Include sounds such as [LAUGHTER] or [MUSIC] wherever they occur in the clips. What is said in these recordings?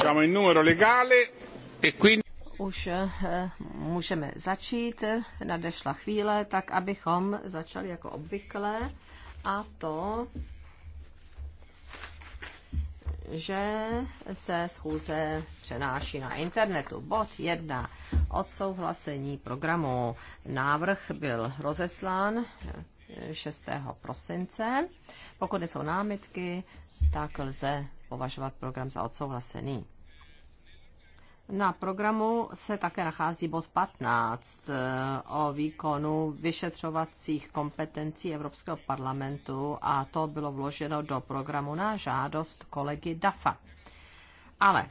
Siamo in numero legale e quindi už eh, můžeme začít, nadešla chvíle, tak abychom začali jako obvykle a to, že se schůze přenáší na internetu. Bod 1. Odsouhlasení programu. Návrh byl rozeslán 6. Eh, prosince. Pokud jsou námitky, tak lze považovat program za odsouhlasený. Na programu se také nachází bod 15 eh, o výkonu vyšetřovacích kompetencí Evropského parlamentu a to bylo vloženo do programu na žádost kolegy Dafa. Ale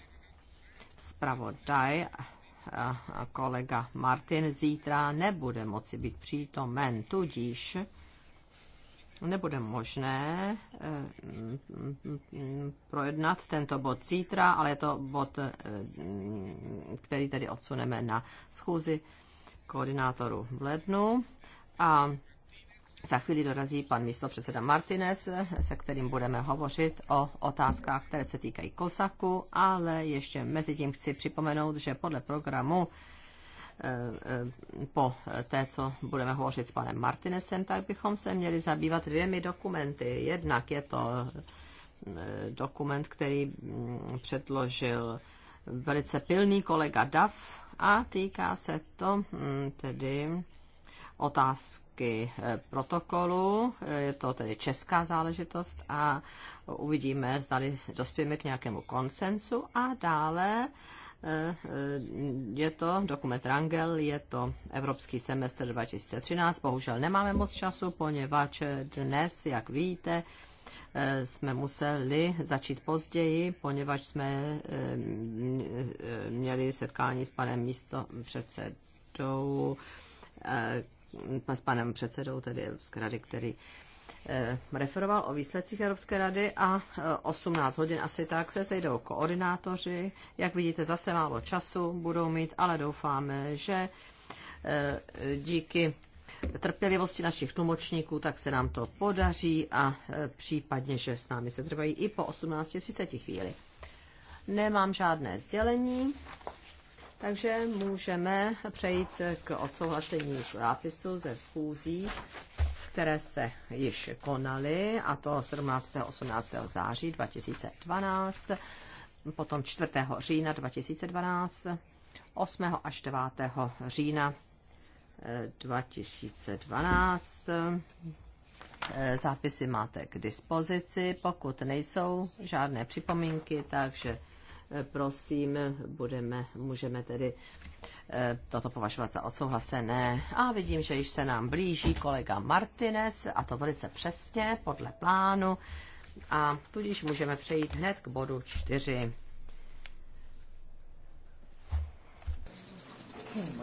zpravodaj eh, eh, kolega Martin zítra nebude moci být přítomen, tudíž nebude možné eh, projednat tento bod zítra, ale je to bod, eh, který tedy odsuneme na schůzi koordinátoru v lednu. A za chvíli dorazí pan předseda Martinez, se kterým budeme hovořit o otázkách, které se týkají Kosaku, ale ještě mezi tím chci připomenout, že podle programu Eh, po té, co budeme hovořit s panem Martinesem, tak bychom se měli zabývat dvěmi dokumenty. Jednak je to eh, dokument, který mm, předložil velice pilný kolega Duff a týká se to mm, tedy otázky eh, protokolu, je to tedy česká záležitost a uvidíme, zdali dospějeme k nějakému konsensu a dále Eh, eh, je to dokument Rangel, je to Evropský semestr 2013. Bohužel nemáme moc času, poněvadž dnes, jak víte, eh, jsme museli začít později, poněvadž jsme měli setkání s panem místo předsedou, s panem předsedou tedy z rady, který Eh, referoval o výsledcích Evropské rady a 18 eh, hodin asi tak se sejdou koordinátoři. Jak vidíte, zase málo času budou mít, ale doufáme, že eh, díky trpělivosti našich tlumočníků, tak se nám to podaří a případně, že s námi se trvají i po 18.30 chvíli. Nemám žádné sdělení, takže můžeme přejít k odsouhlasení zápisu ze schůzí které se již konaly, a to 17. a 18. září 2012, potom 4. října 2012, 8. až 9. října 2012. Eh, eh, zápisy máte k dispozici, pokud nejsou žádné připomínky, takže prosím, budeme, můžeme tedy eh, toto považovat za odsouhlasené. A vidím, že již se nám blíží kolega Martinez, a to velice přesně, podle plánu. A tudíž můžeme přejít hned k bodu čtyři. Hmm,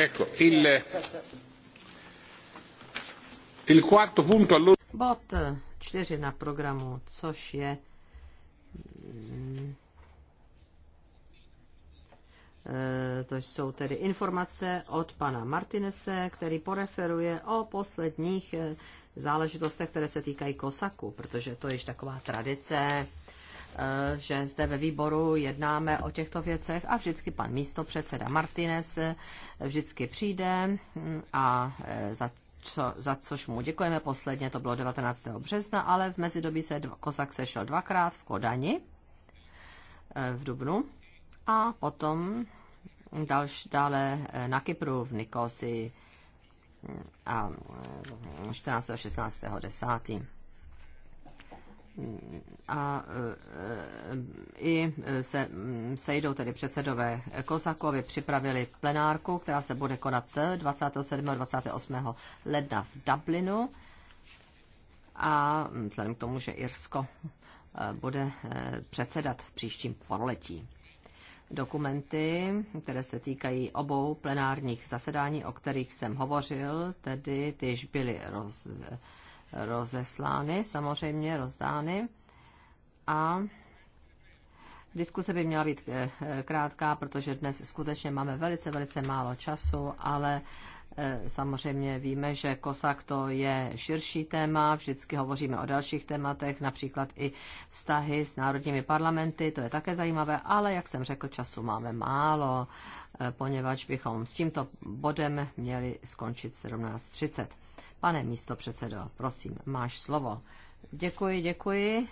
Ecco, il, il quarto punto allora... Bod 4 na programu, což je eh, to jsou tedy informace od pana Martinese, který poreferuje o posledních eh, záležitostech, které se týkají Kosaku, protože to je již taková tradice Eh, že zde ve výboru jednáme o těchto věcech a vždycky pan místo předseda Martinez eh, vždycky přijde hm, a eh, za co, za což mu děkujeme posledně, to bylo 19. března, ale v mezidobí se dva, Kosak sešel dvakrát v Kodani v Dubnu a potom dalš, dále na Kypru v Nikosi hm, a 14. a 16. 10 a e, e, i se mm, sejdou tedy předsedové Kosakovi, připravili plenárku, která se bude konat 27. a 28. ledna v Dublinu. A vzhledem k tomu, že Irsko e, bude předsedat v příštím pololetí. Dokumenty, které se týkají obou plenárních zasedání, o kterých jsem hovořil, tedy tyž byly roz, rozeslány, samozřejmě rozdány. A Diskuse by měla být eh, krátká, protože dnes skutečně máme velice, velice málo času, ale eh, samozřejmě víme, že kosak to je širší téma, vždycky hovoříme o dalších tématech, například i vztahy s národními parlamenty, to je také zajímavé, ale jak jsem řekl, času máme málo, eh, poněvadž bychom s tímto bodem měli skončit 17.30. Pane místo předsedo, prosím, máš slovo. Děkuji, děkuji.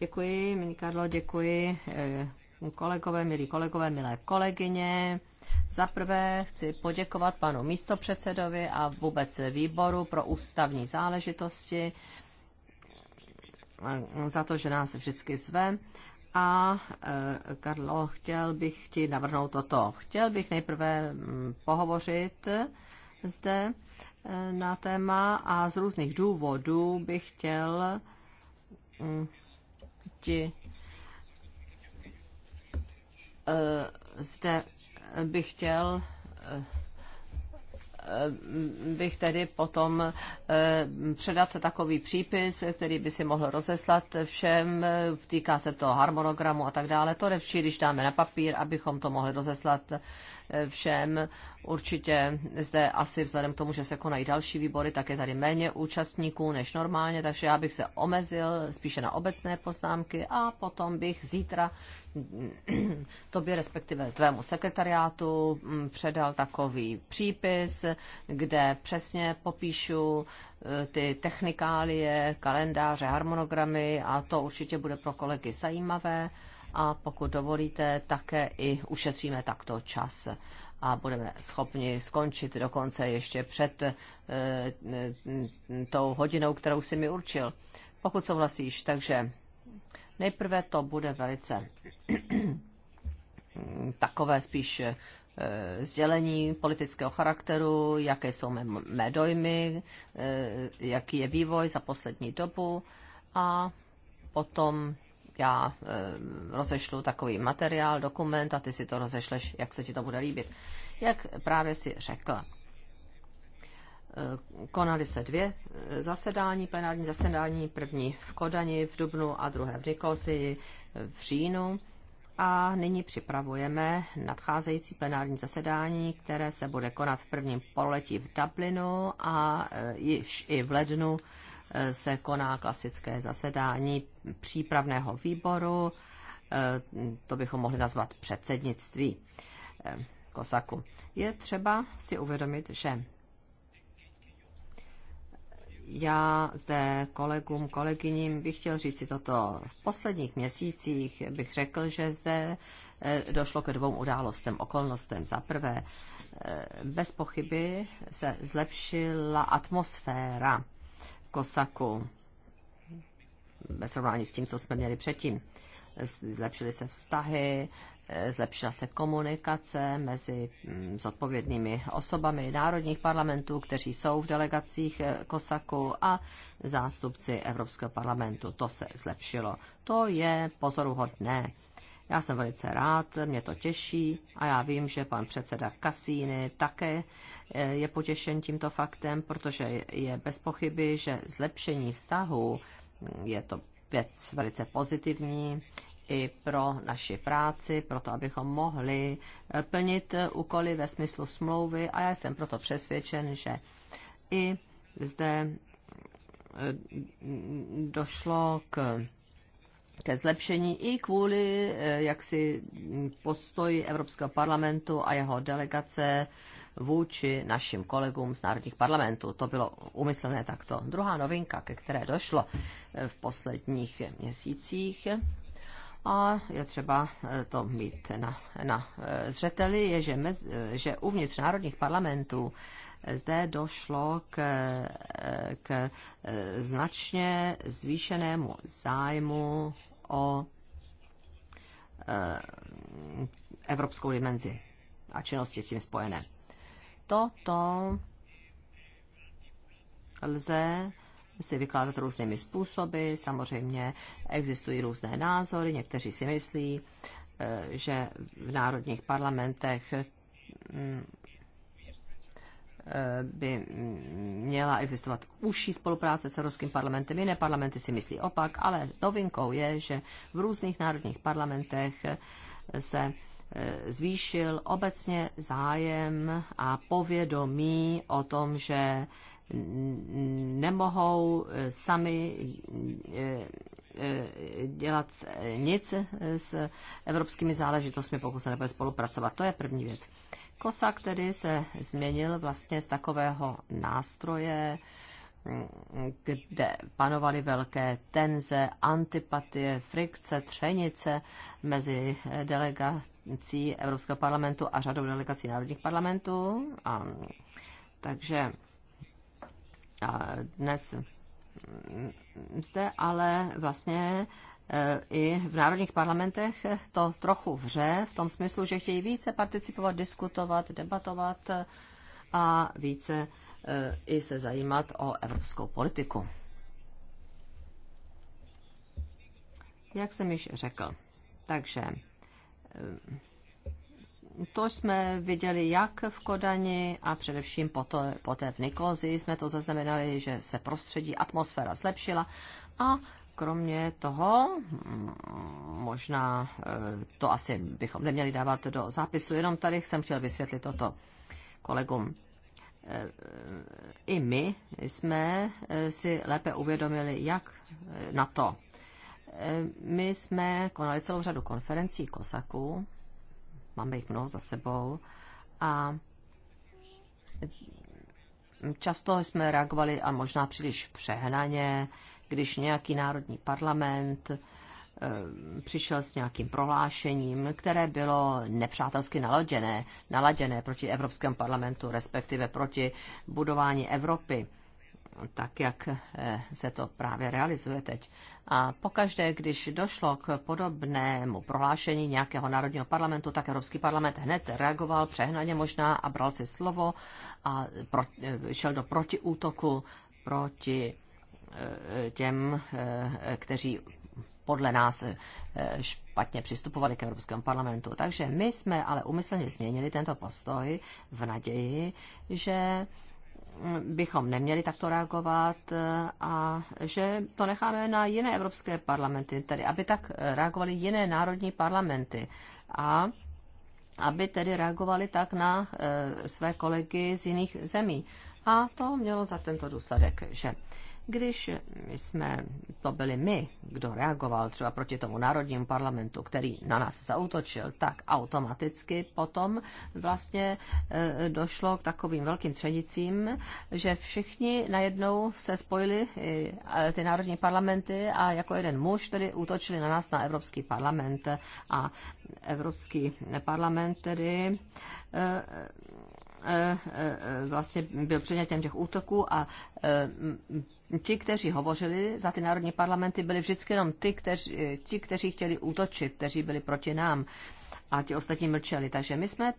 Děkuji, milí Karlo, děkuji eh, kolegové, milí kolegové, milé kolegyně. Za prvé chci poděkovat panu místopředsedovi a vůbec výboru pro ústavní záležitosti eh, za to, že nás vždycky zve. A eh, Karlo, chtěl bych ti navrhnout toto. Chtěl bych nejprve mm, pohovořit zde na téma a z různých důvodů bych chtěl mm, ti eh, zde bych chtěl eh, bych tedy potom eh, předat takový přípis, který by si mohl rozeslat všem, týká se to harmonogramu a tak dále. To lepší, když dáme na papír, abychom to mohli rozeslat všem. Určitě zde asi vzhledem k tomu, že se konají další výbory, tak je tady méně účastníků než normálně, takže já bych se omezil spíše na obecné poznámky a potom bych zítra [CLEARS THROAT] tobě, respektive tvému sekretariátu, mm, předal takový přípis, kde přesně popíšu eh, ty technikálie, kalendáře, harmonogramy a to určitě bude pro kolegy zajímavé a pokud dovolíte, také i ušetříme takto čas a budeme schopni skončit dokonce ještě před e, tou hodinou, kterou si mi určil. Pokud souhlasíš, takže nejprve to bude velice [CLEARS THROAT] takové spíš eh, sdělení politického charakteru, jaké jsou mé, mé dojmy, eh, jaký je vývoj za poslední dobu a potom já eh, rozešlu takový materiál, dokument a ty si to rozešleš, jak se ti to bude líbit. Jak právě si řekl, eh, konaly se dvě eh, zasedání, plenární zasedání, první v Kodani v Dubnu a druhé v Nikosii v říjnu. A nyní připravujeme nadcházející plenární zasedání, které se bude konat v prvním pololetí v Dublinu a již i v lednu se koná klasické zasedání přípravného výboru, eh, to bychom mohli nazvat předsednictví eh, Kosaku. Je třeba si uvědomit, že já zde kolegům, kolegyním bych chtěl říct si toto. V posledních měsících bych řekl, že zde eh, došlo ke dvou událostem, okolnostem. Za prvé, bez pochyby se zlepšila atmosféra Kosaku ve srovnání s tím, co jsme měli předtím. Zlepšily se vztahy, zlepšila se komunikace mezi mm, zodpovědnými osobami národních parlamentů, kteří jsou v delegacích eh, Kosaku a zástupci Evropského parlamentu. To se zlepšilo. To je pozoruhodné. Já jsem velice rád, mě to těší a já vím, že pan předseda kasíny také eh, je potěšen tímto faktem, protože je bez pochyby, že zlepšení vztahu mm, je to věc velice pozitivní i pro naši práci, proto abychom mohli eh, plnit eh, úkoly ve smyslu smlouvy a já jsem proto přesvědčen, že i zde došlo k ke zlepšení i kvůli eh, jaksi postoji Evropského parlamentu a jeho delegace vůči našim kolegům z národních parlamentů. To bylo umyslné takto. Druhá novinka, ke které došlo eh, v posledních měsících, a je třeba eh, to mít na, na zřeteli, je, že, mez, že uvnitř národních parlamentů zde došlo k, k značně zvýšenému zájmu o e, evropskou dimenzi a činnosti s tím spojené. Toto lze si vykládat různými způsoby. Samozřejmě existují různé názory. Někteří si myslí, e, že v národních parlamentech by měla existovat užší spolupráce s Evropským parlamentem. Jiné parlamenty si myslí opak, ale novinkou je, že v různých národních parlamentech se eh, zvýšil obecně zájem a povědomí o tom, že nemohou eh, sami eh, Eh, dělat eh, nic s evropskými záležitostmi, pokud se nebude spolupracovat. To je první věc. Kosak tedy se změnil vlastně z takového nástroje, mm, kde panovaly velké tenze, antipatie, frikce, třenice mezi delegací Evropského parlamentu a řadou delegací národních parlamentů. A, takže a dnes mm, jste ale vlastně eh, i v národních parlamentech to trochu vře v tom smyslu, že chtějí více participovat, diskutovat, debatovat eh, a více eh, i se zajímat o evropskou politiku. Jak jsem již řekl, takže to jsme viděli jak v Kodani a především poté, poté v Nikozi. Jsme to zaznamenali, že se prostředí, atmosféra zlepšila a kromě toho, mm, možná eh, to asi bychom neměli dávat do zápisu, jenom tady jsem chtěl vysvětlit toto kolegům. Eh, I my jsme eh, si lépe uvědomili, jak na to. My jsme konali celou řadu konferencí kosaků máme jich mnoho za sebou a často jsme reagovali a možná příliš přehnaně, když nějaký národní parlament eh, přišel s nějakým prohlášením, které bylo nepřátelsky naladěné, naladěné proti Evropskému parlamentu, respektive proti budování Evropy tak, jak eh, se to právě realizuje teď. A pokaždé, když došlo k podobnému prohlášení nějakého národního parlamentu, tak Evropský parlament hned reagoval přehnaně možná a bral si slovo a pro, eh, šel do protiútoku proti eh, těm, kteří podle nás špatně přistupovali k Evropskému parlamentu. Takže my jsme ale umyslně změnili tento postoj v naději, že bychom neměli takto reagovat eh, a že to necháme na jiné evropské parlamenty, tedy aby tak reagovaly jiné národní parlamenty a aby tedy reagovali tak na eh, své kolegy z jiných zemí. A to mělo za tento důsledek, že když jsme, to byli my, kdo reagoval třeba proti tomu národnímu parlamentu, který na nás zautočil, tak automaticky potom vlastně eh, došlo k takovým velkým třenicím, že všichni najednou se spojili eh, ty národní parlamenty a jako jeden muž tedy útočili na nás na Evropský parlament a Evropský parlament tedy eh, vlastně byl předmětem těch útoků a ti, kteří hovořili za ty národní parlamenty, byli vždycky jenom ty, kteří, ti, kteří chtěli útočit, kteří byli proti nám a ti ostatní mlčeli. Takže my jsme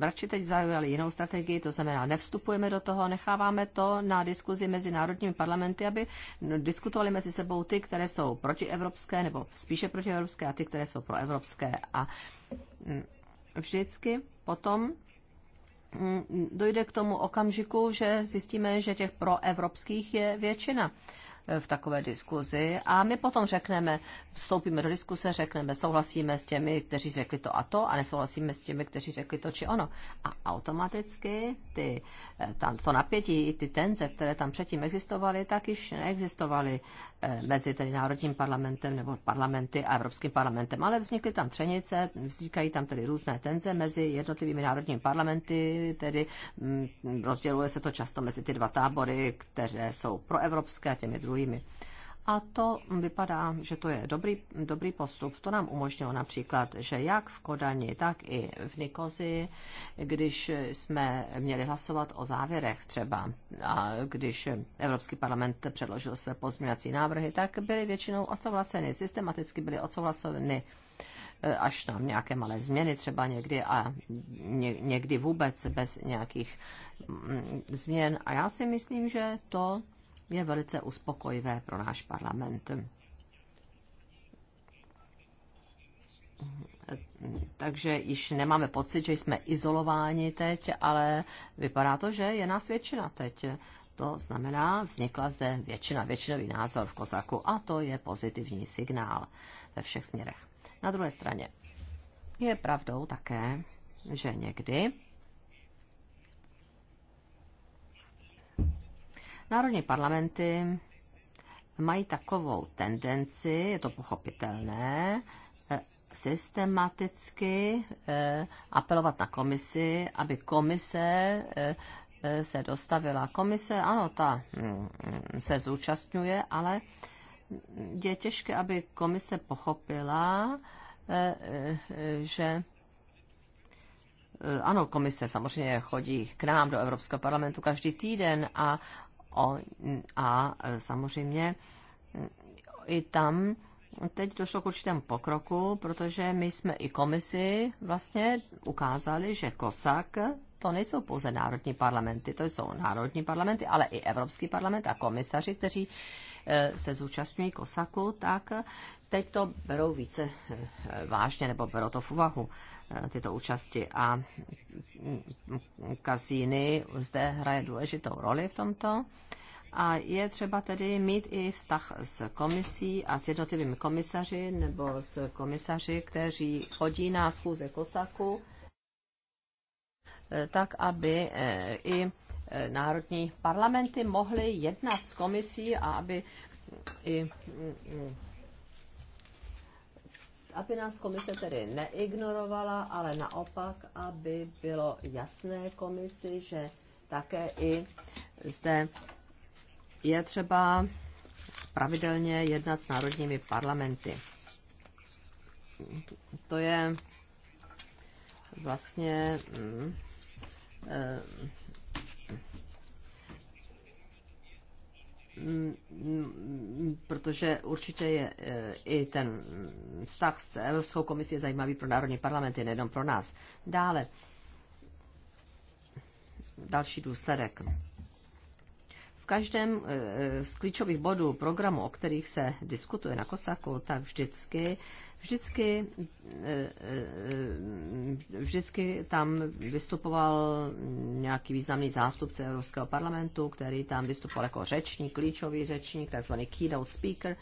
radši teď zaujali jinou strategii, to znamená, nevstupujeme do toho, necháváme to na diskuzi mezi národními parlamenty, aby diskutovali mezi sebou ty, které jsou protievropské, nebo spíše protievropské, a ty, které jsou proevropské. A mm, vždycky potom Mm, dojde k tomu okamžiku, že zjistíme, že těch proevropských je většina v takové diskuzi a my potom řekneme, vstoupíme do diskuse, řekneme, souhlasíme s těmi, kteří řekli to a to a nesouhlasíme s těmi, kteří řekli to či ono. A automaticky ty, eh, tam, to napětí, ty tenze, které tam předtím existovaly, tak již neexistovaly eh, mezi tedy Národním parlamentem nebo parlamenty a Evropským parlamentem, ale vznikly tam třenice, vznikají tam tedy různé tenze mezi jednotlivými národními parlamenty, tedy mm, rozděluje se to často mezi ty dva tábory, které jsou proevropské a těmi druhými zájmy. A to vypadá, že to je dobrý, dobrý postup. To nám umožnilo například, že jak v Kodani, tak i v Nikozi, když jsme měli hlasovat o závěrech třeba, a když Evropský parlament předložil své pozměňovací návrhy, tak byly většinou odsouhlaseny, systematicky byly odsouhlaseny e, až tam nějaké malé změny třeba někdy a někdy vůbec bez nějakých mm, změn. A já si myslím, že to je velice uspokojivé pro náš parlament. Takže již nemáme pocit, že jsme izolováni teď, ale vypadá to, že je nás většina teď. To znamená, vznikla zde většina, většinový názor v Kosaku a to je pozitivní signál ve všech směrech. Na druhé straně je pravdou také, že někdy Národní parlamenty mají takovou tendenci, je to pochopitelné, eh, systematicky eh, apelovat na komisi, aby komise eh, se dostavila. Komise, ano, ta mm, se zúčastňuje, ale je těžké, aby komise pochopila, že ano, komise samozřejmě chodí k nám do Evropského parlamentu každý týden a o, a e, samozřejmě i tam teď došlo k určitému pokroku, protože my jsme i komisi vlastně ukázali, že COSAC to nejsou pouze národní parlamenty, to jsou národní parlamenty, ale i Evropský parlament a komisaři, kteří e, se zúčastňují COSACu, tak teď to berou více e, vážně nebo berou to v úvahu tyto účasti. A kasíny zde hraje důležitou roli v tomto. A je třeba tedy mít i vztah s komisí a s jednotlivými komisaři nebo s komisaři, kteří chodí na schůze Kosaku, eh, tak aby eh, i eh, národní parlamenty mohly jednat s komisí a aby i mm, mm, aby nás komise tedy neignorovala, ale naopak, aby bylo jasné komisi, že také i zde je třeba pravidelně jednat s národními parlamenty. To je vlastně mm, eh, protože určitě je e, i ten vztah s Evropskou komisí je zajímavý pro národní parlamenty, nejenom pro nás. Dále, další důsledek. V každém e, z klíčových bodů programu, o kterých se diskutuje na Kosaku, tak vždycky vždycky, eh, eh, vždycky tam vystupoval nějaký významný zástupce Evropského parlamentu, který tam vystupoval jako řečník, klíčový řečník, takzvaný keynote speaker.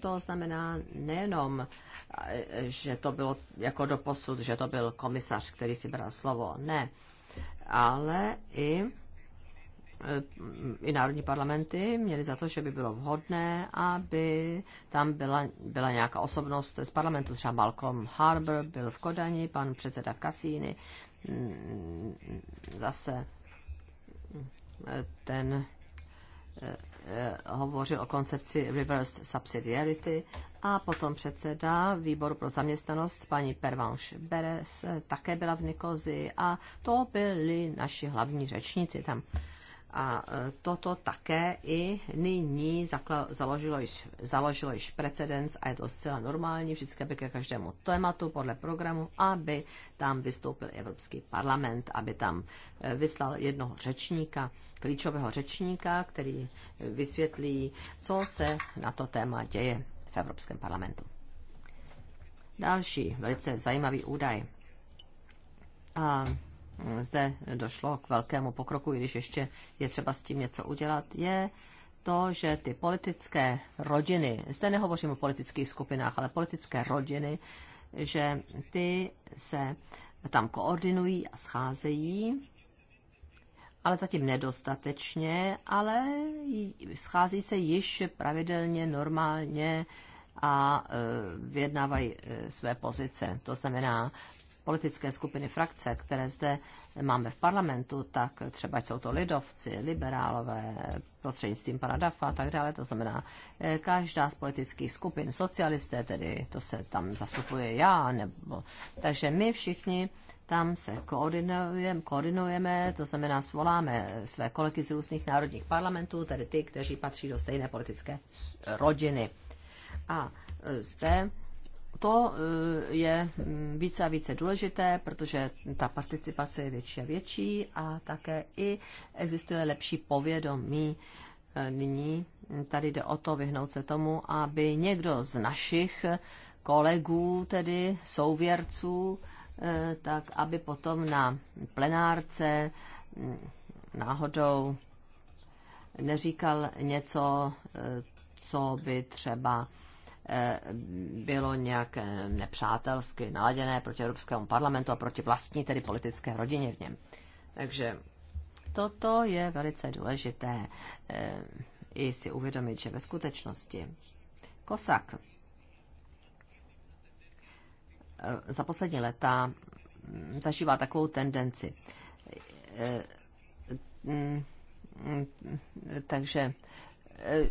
To znamená nejenom, eh, že to bylo jako doposud, že to byl komisař, který si bral slovo, ne, ale i Eh, i národní parlamenty měly za to, že by bylo vhodné, aby tam byla, byla nějaká osobnost z parlamentu, třeba Malcolm Harbour byl v Kodani, pan předseda kasíny, mm, zase eh, ten eh, hovořil o koncepci reversed subsidiarity a potom předseda výboru pro zaměstnanost paní Pervanche Beres také byla v Nikozi a to byli naši hlavní řečníci tam. A e, toto také i nyní založilo již, založilo již precedens a je to zcela normální vždycky by ke každému tématu podle programu, aby tam vystoupil Evropský parlament, aby tam e, vyslal jednoho řečníka, klíčového řečníka, který vysvětlí, co se na to téma děje v Evropském parlamentu. Další velice zajímavý údaj. A zde došlo k velkému pokroku, i když ještě je třeba s tím něco udělat, je to, že ty politické rodiny, zde nehovořím o politických skupinách, ale politické rodiny, že ty se tam koordinují a scházejí, ale zatím nedostatečně, ale schází se již pravidelně, normálně a e, vyjednávají e, své pozice. To znamená, politické skupiny frakce, které zde máme v parlamentu, tak třeba jsou to lidovci, liberálové, prostřednictvím pana Dafa a tak dále, to znamená eh, každá z politických skupin, socialisté tedy, to se tam zastupuje já, nebo, takže my všichni tam se koordinujeme, koordinujeme, to znamená svoláme své kolegy z různých národních parlamentů, tedy ty, kteří patří do stejné politické rodiny. A eh, zde to eh, je mm, více a více důležité, protože ta participace je větší a větší a také i existuje lepší povědomí. Eh, nyní tady jde o to vyhnout se tomu, aby někdo z našich kolegů, tedy souvěrců, eh, tak aby potom na plenárce mm, náhodou neříkal něco, co by třeba bylo nějak nepřátelsky naladěné proti Evropskému parlamentu a proti vlastní tedy politické rodině v něm. Takže toto je velice důležité eh, i si uvědomit, že ve skutečnosti Kosak eh, za poslední leta hm, zažívá takovou tendenci. Eh, hm, hm, takže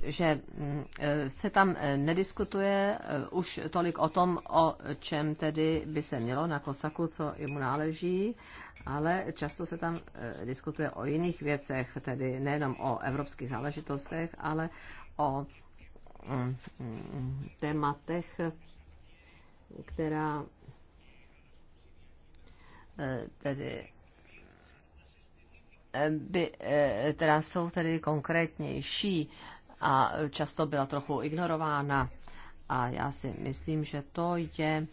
že mm, e, se tam e, nediskutuje e, už tolik o tom, o čem tedy by se mělo na Kosaku, co jemu náleží, ale často se tam diskutuje o jiných věcech, tedy nejenom o evropských záležitostech, ale o mm, mm, tématech, která tedy by, teda jsou tedy konkrétnější a často byla trochu ignorována. A já si myslím, že to je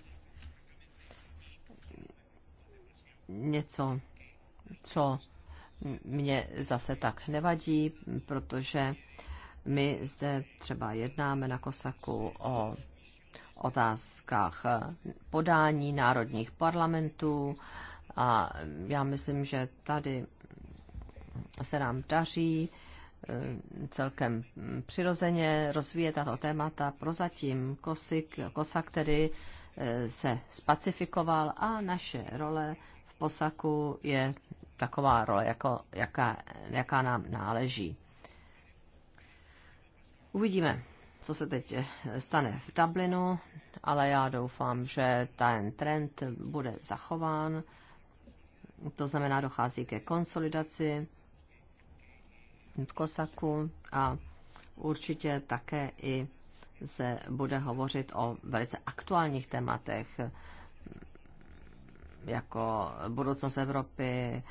něco, co mě zase tak nevadí, protože my zde třeba jednáme na Kosaku o otázkách podání národních parlamentů a já myslím, že tady se nám daří Eh, celkem přirozeně rozvíje tato témata. Prozatím Kosik, Kosak tedy eh, se spacifikoval a naše role v Posaku je taková role, jako, jaká, jaká nám náleží. Uvidíme, co se teď eh, stane v Dublinu, ale já doufám, že ten trend bude zachován. To znamená, dochází ke konsolidaci Kosaku a určitě také i se bude hovořit o velice aktuálních tématech, jako budoucnost Evropy,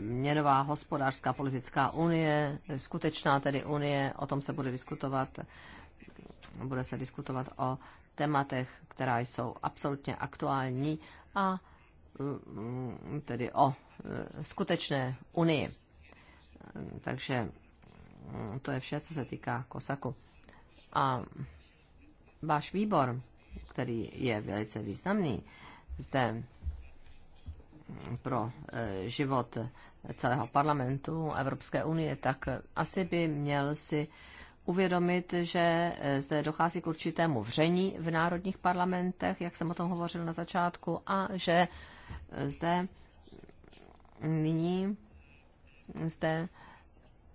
měnová hospodářská politická unie, skutečná tedy unie, o tom se bude diskutovat. Bude se diskutovat o tématech, která jsou absolutně aktuální a Mm, tedy o e, skutečné unii. Takže mm, to je vše, co se týká Kosaku. A váš výbor, který je velice významný zde mm, pro e, život celého parlamentu Evropské unie, tak asi by měl si uvědomit, že eh, zde dochází k určitému vření v národních parlamentech, jak jsem o tom hovořil na začátku, a že eh, zde nyní zde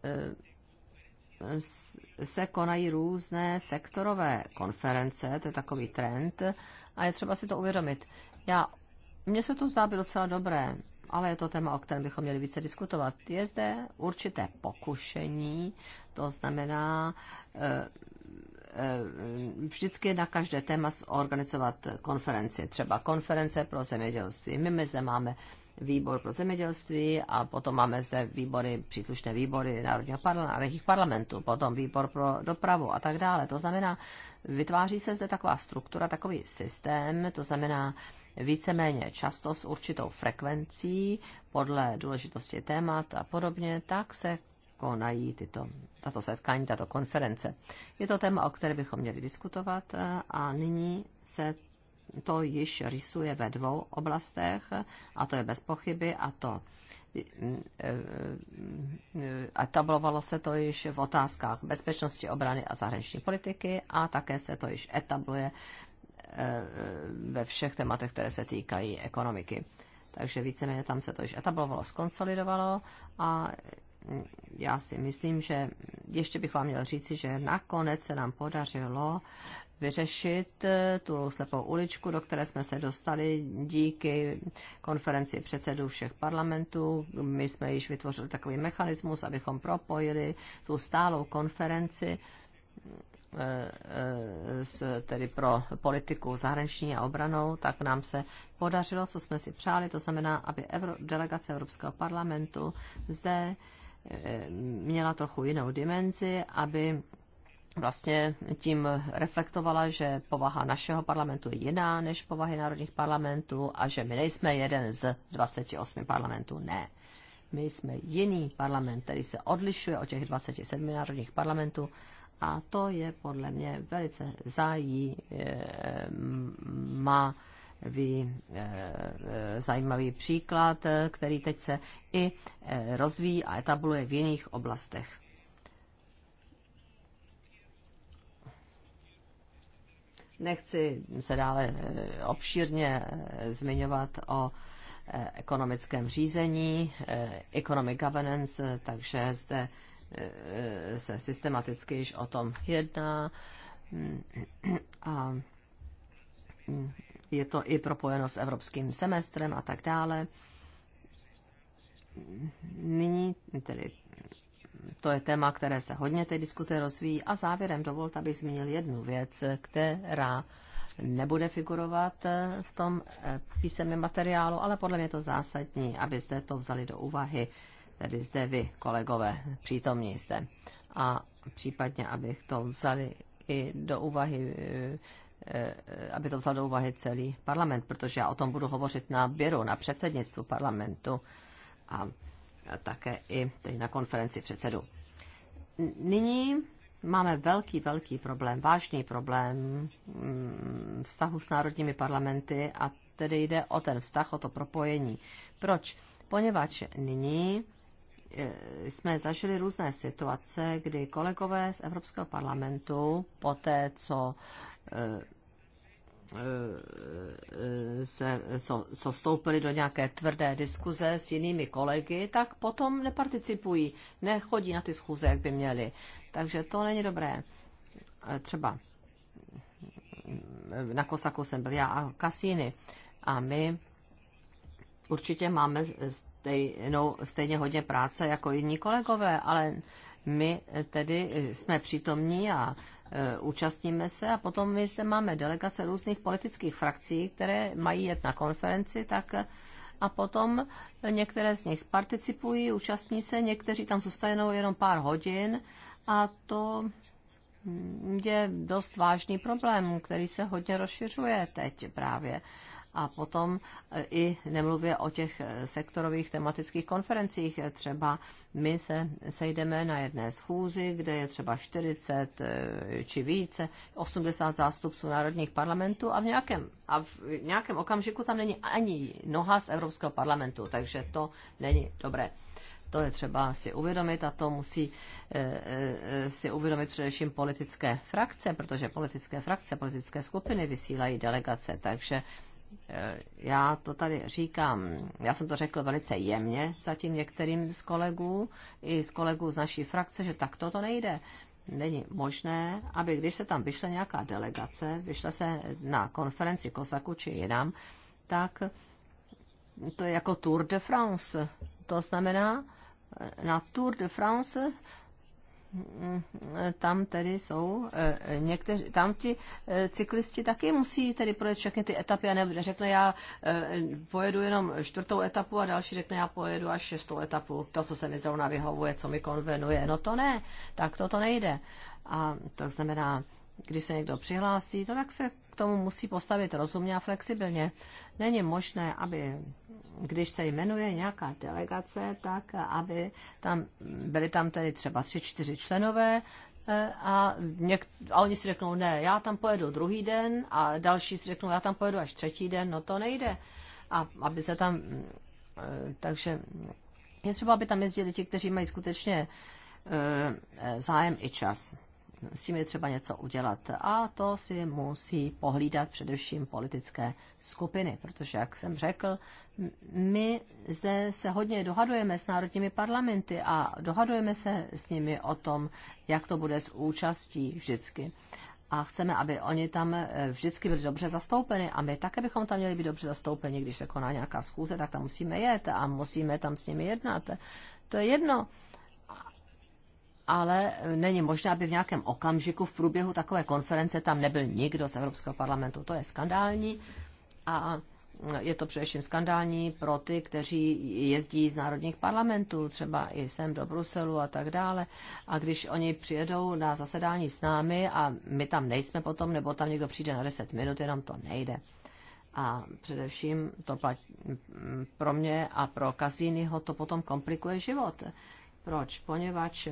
eh, se konají různé sektorové konference, to je takový trend, a je třeba si to uvědomit. Já, mně se to zdá být docela dobré, ale je to téma, o kterém bychom měli více diskutovat. Je zde určité pokušení, to znamená eh, eh, vždycky na každé téma zorganizovat konferenci, třeba konference pro zemědělství. My, my zde máme výbor pro zemědělství a potom máme zde výbory, příslušné výbory Národního parlamentu, parlamentu, potom výbor pro dopravu a tak dále. To znamená, vytváří se zde taková struktura, takový systém, to znamená, víceméně často s určitou frekvencí podle důležitosti témat a podobně, tak se konají tyto, tato setkání, tato konference. Je to téma, o které bychom měli diskutovat eh, a nyní se to již rysuje ve dvou oblastech a to je bez pochyby a to etablovalo eh, eh, se to již v otázkách bezpečnosti, obrany a zahraniční politiky a také se to již etabluje ve všech tématech, které se týkají ekonomiky. Takže víceméně tam se to již etablovalo, skonsolidovalo a já si myslím, že ještě bych vám měl říci, že nakonec se nám podařilo vyřešit eh, tu slepou uličku, do které jsme se dostali díky konferenci předsedů všech parlamentů. My jsme již vytvořili takový mechanismus, abychom propojili tu stálou konferenci eh, tedy pro politiku zahraniční a obranou, tak nám se podařilo, co jsme si přáli, to znamená, aby Evro, delegace Evropského parlamentu zde eh, měla trochu jinou dimenzi, aby vlastně tím reflektovala, že povaha našeho parlamentu je jiná než povahy národních parlamentů a že my nejsme jeden z 28 parlamentů, ne. My jsme jiný parlament, který se odlišuje od těch 27 národních parlamentů a to je podle mě velice zajímavý eh, zajímavý příklad, eh, který teď se i eh, rozvíjí a etabluje v jiných oblastech. Nechci se dále obšírně zmiňovat o ekonomickém řízení, economic governance, takže zde se systematicky již o tom jedná a je to i propojeno s evropským semestrem a tak dále. Nyní tedy to je téma, které se hodně teď diskutuje, rozvíjí. A závěrem dovolte, abych zmínil jednu věc, která nebude figurovat v tom písemném materiálu, ale podle mě je to zásadní, abyste to vzali do úvahy tedy zde vy, kolegové, přítomní jste. A případně, abych to vzali i do úvahy, eh, eh, aby to vzal do úvahy celý parlament, protože já o tom budu hovořit na běru, na předsednictvu parlamentu a také i teď na konferenci předsedu. Nyní máme velký, velký problém, vážný problém mm, vztahu s národními parlamenty a tedy jde o ten vztah, o to propojení. Proč? Poněvadž nyní Eh, jsme zažili různé situace, kdy kolegové z Evropského parlamentu po té, co eh, eh, se, co, co vstoupili do nějaké tvrdé diskuze s jinými kolegy, tak potom neparticipují, nechodí na ty schůze, jak by měli. Takže to není dobré. Třeba na Kosaku jsem byl já a Kasíny a my určitě máme stejnou, stejně hodně práce jako jiní kolegové, ale my tedy jsme přítomní a e, účastníme se a potom my zde máme delegace různých politických frakcí, které mají jet na konferenci, tak e, a potom některé z nich participují, účastní se, někteří tam zůstanou jenom pár hodin a to je dost vážný problém, který se hodně rozšiřuje teď právě. A potom eh, i nemluvě o těch eh, sektorových tematických konferencích. Třeba my se sejdeme na jedné schůzi, kde je třeba 40 eh, či více, 80 zástupců národních parlamentů a v nějakém, a v nějakém okamžiku tam není ani noha z Evropského parlamentu, takže to není dobré. To je třeba si uvědomit a to musí si uvědomit především politické frakce, protože politické frakce, politické skupiny vysílají delegace, takže Eh, já to tady říkám, já jsem to řekl velice jemně zatím některým z kolegů, i z kolegů z naší frakce, že takto to nejde. Není možné, aby když se tam vyšle nějaká delegace, vyšle se na konferenci Kosaku či jinam, tak to je jako Tour de France. To znamená, eh, na Tour de France tam tedy jsou e, e, někteří, tam ti e, cyklisti taky musí tedy projet všechny ty etapy a ne, řekne já pojedu jenom čtvrtou etapu a další řekne já pojedu až šestou etapu, to, co se mi zrovna vyhovuje, co mi konvenuje, no to ne, tak to to nejde. A to znamená, když se někdo přihlásí, to tak se k tomu musí postavit rozumně a flexibilně. Není možné, aby když se jmenuje nějaká delegace, tak aby tam, byly tam tedy třeba tři, čtyři členové eh, a, něk, a oni si řeknou, ne, já tam pojedu druhý den a další si řeknou, já tam pojedu až třetí den, no to nejde. A aby se tam, eh, takže je třeba, aby tam jezdili ti, kteří mají skutečně eh, zájem i čas s tím je třeba něco udělat. A to si musí pohlídat především politické skupiny, protože, jak jsem řekl, my zde se hodně dohadujeme s národními parlamenty a dohadujeme se s nimi o tom, jak to bude s účastí vždycky. A chceme, aby oni tam e, vždycky byli dobře zastoupeni a my také bychom tam měli být dobře zastoupeni. Když se koná nějaká schůze, tak tam musíme jet a musíme tam s nimi jednat. To je jedno ale není možné, aby v nějakém okamžiku v průběhu takové konference tam nebyl nikdo z Evropského parlamentu. To je skandální a je to především skandální pro ty, kteří jezdí z národních parlamentů, třeba i sem do Bruselu a tak dále. A když oni přijedou na zasedání s námi a my tam nejsme potom, nebo tam někdo přijde na 10 minut, jenom to nejde. A především to platí pro mě a pro Kazínyho to potom komplikuje život. Proč? Poněvadž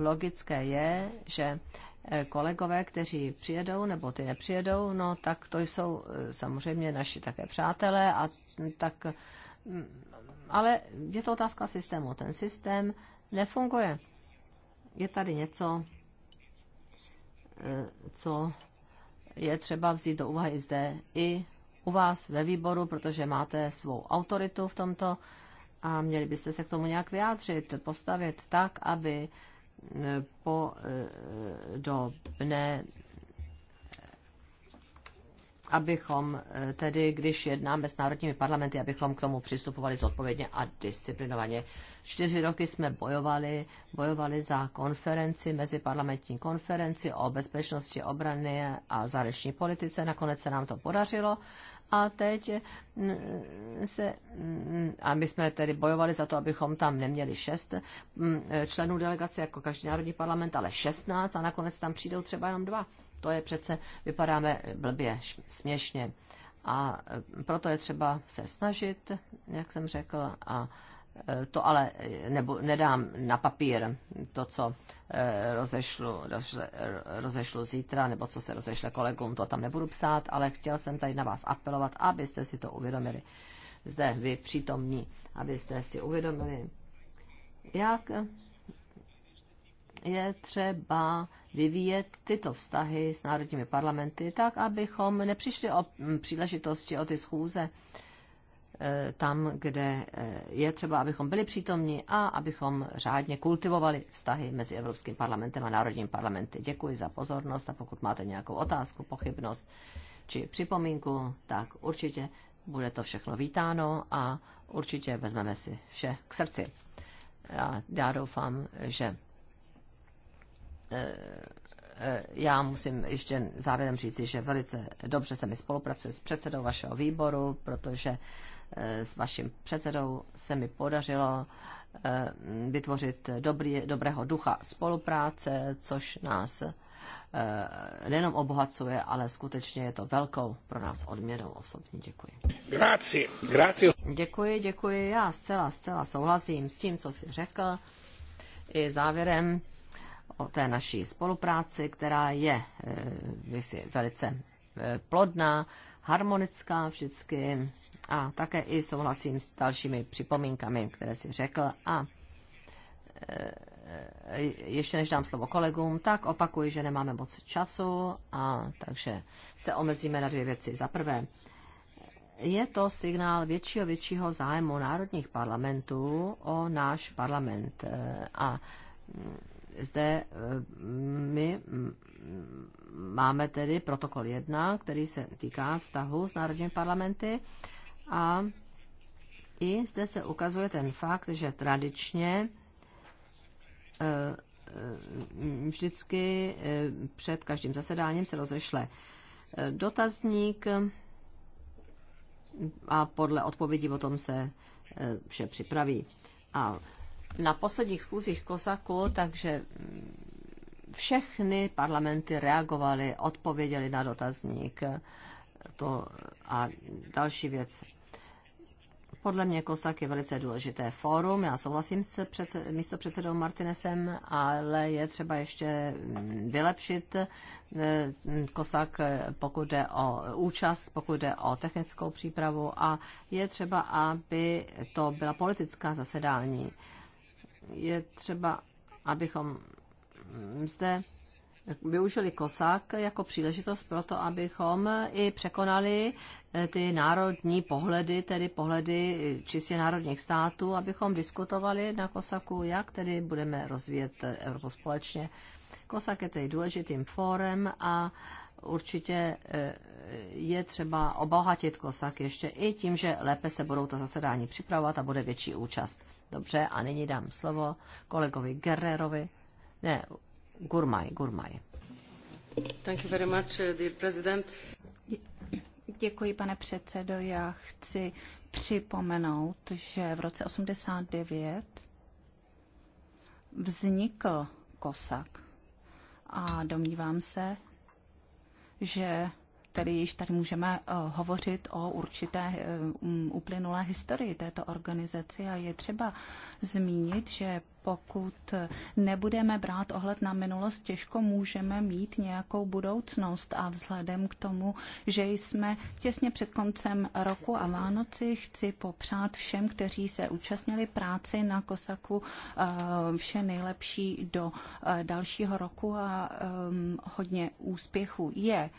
logické je, že eh, kolegové, kteří přijedou nebo ty nepřijedou, no tak to jsou eh, samozřejmě naši také přátelé a tak, mm, ale je to otázka systému. Ten systém nefunguje. Je tady něco, eh, co je třeba vzít do úvahy zde i u vás ve výboru, protože máte svou autoritu v tomto a měli byste se k tomu nějak vyjádřit, postavit tak, aby podobné abychom eh, tedy, když jednáme s národními parlamenty, abychom k tomu přistupovali zodpovědně a disciplinovaně. Čtyři roky jsme bojovali, bojovali za konferenci, meziparlamentní konferenci o bezpečnosti obrany a zahraniční politice. Nakonec se nám to podařilo a teď mm, se, mm, a my jsme tedy bojovali za to, abychom tam neměli šest mm, členů delegace jako každý národní parlament, ale šestnáct a nakonec tam přijdou třeba jenom dva. To je přece, vypadáme blbě, směšně. A e, proto je třeba se snažit, jak jsem řekl, a to ale nebo nedám na papír to, co eh, rozešlu, rozešlu zítra, nebo co se rozešle kolegům, to tam nebudu psát, ale chtěl jsem tady na vás apelovat, abyste si to uvědomili. Zde vy přítomní, abyste si uvědomili, jak je třeba vyvíjet tyto vztahy s národními parlamenty tak, abychom nepřišli o mm, příležitosti, o ty schůze, Eh, tam, kde eh, je třeba, abychom byli přítomní a abychom řádně kultivovali vztahy mezi Evropským parlamentem a Národním parlamenty. Děkuji za pozornost a pokud máte nějakou otázku, pochybnost či připomínku, tak určitě bude to všechno vítáno a určitě vezmeme si vše k srdci. Já, já doufám, že eh, já musím ještě závěrem říci, že velice dobře se mi spolupracuje s předsedou vašeho výboru, protože Eh, s vaším předsedou se mi podařilo eh, vytvořit dobrý, dobrého ducha spolupráce, což nás eh, nejenom obohacuje, ale skutečně je to velkou pro nás odměnou osobně. Děkuji. Grazie, grazie. Děkuji, děkuji. Já zcela, zcela souhlasím s tím, co jsi řekl. I závěrem o té naší spolupráci, která je velice plodná, harmonická vždycky a také i souhlasím s dalšími připomínkami, které si řekl. A e, e, ještě než dám slovo kolegům, tak opakuji, že nemáme moc času, a takže se omezíme na dvě věci. Za prvé, je to signál většího, většího zájmu národních parlamentů o náš parlament. E, a mm, zde my mm, máme tedy protokol 1, který se týká vztahu s národními parlamenty a i zde se ukazuje ten fakt, že tradičně eh, eh, vždycky eh, před každým zasedáním se rozešle dotazník a podle o potom se vše připraví. A na posledních schůzích Kosaku, takže mm, všechny parlamenty reagovaly, odpověděly na dotazník. To a další věc. Podle mě Kosak je velice důležité fórum, já souhlasím s místo předsedou Martinesem, ale je třeba ještě vylepšit eh, Kosak, pokud jde o účast, pokud jde o technickou přípravu a je třeba, aby to byla politická zasedání. Je třeba, abychom zde využili kosak jako příležitost pro to, abychom i překonali eh, ty národní pohledy, tedy pohledy eh, čistě národních států, abychom diskutovali na kosaku, jak tedy budeme rozvíjet eh, Evropu společně. Kosak je tedy důležitým fórem a určitě je třeba obohatit kosak ještě i tím, že lépe se budou ta zasedání připravovat a bude větší účast. Dobře, a nyní dám slovo kolegovi Guerrerovi. Ne, Gurmaj. Gurmaj. Thank you very much, uh, dear president. Děkuji, pane předsedo. Já chci připomenout, že v roce 89 vznikl Kosak a domnívám se, že tedy již tady můžeme eh, hovořit o určité eh, um, uplynulé historii této organizace a je třeba zmínit, že pokud nebudeme brát ohled na minulost, těžko můžeme mít nějakou budoucnost a vzhledem k tomu, že jsme těsně před koncem roku a Vánoci, chci popřát všem, kteří se účastnili práci na Kosaku eh, vše nejlepší do dalšího roku a hodně úspěchu. Je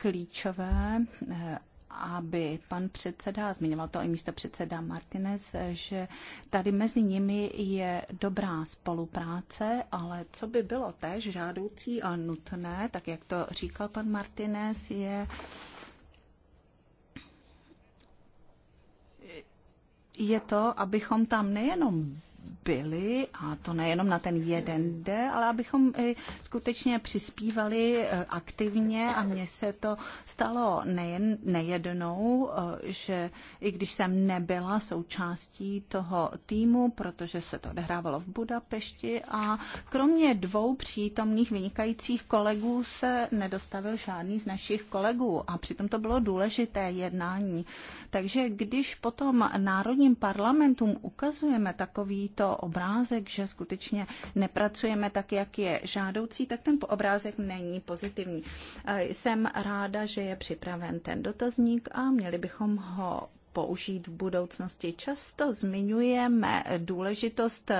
klíčové, eh, aby pan předseda, zmiňoval to i místo předseda Martinez, eh, že tady mezi nimi je dobrá spolupráce, ale co by bylo též žádoucí a nutné, tak jak to říkal pan Martinez, je je to, abychom tam nejenom byli, a to nejenom na ten jeden den, ale abychom i skutečně přispívali e, aktivně a mně se to stalo nejen, nejednou, e, že i když jsem nebyla součástí toho týmu, protože se to odehrávalo v Budapešti a kromě dvou přítomných vynikajících kolegů se nedostavil žádný z našich kolegů a přitom to bylo důležité jednání. Takže když potom národním parlamentům ukazujeme takovýto obrázek, že skutečně nepracujeme tak, jak je žádoucí, tak ten obrázek není pozitivní. Jsem ráda, že je připraven ten dotazník a měli bychom ho použít v budoucnosti. Často zmiňujeme důležitost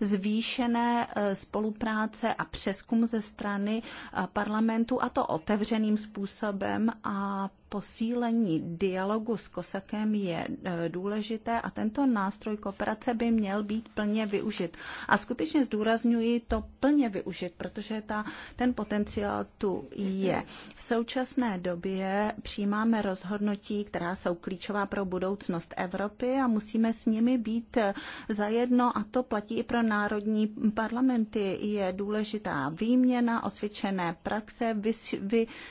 zvýšené e, spolupráce a přeskum ze strany e, parlamentu, a to otevřeným způsobem a posílení dialogu s Kosakem je e, důležité a tento nástroj kooperace by měl být plně využit. A skutečně zdůrazňuji to plně využit, protože ta, ten potenciál tu je. V současné době přijímáme rozhodnutí, která jsou klíčová pro budoucnost Evropy a musíme s nimi být e, zajedno a to platí i pro národní parlamenty. Je důležitá výměna, osvědčené praxe,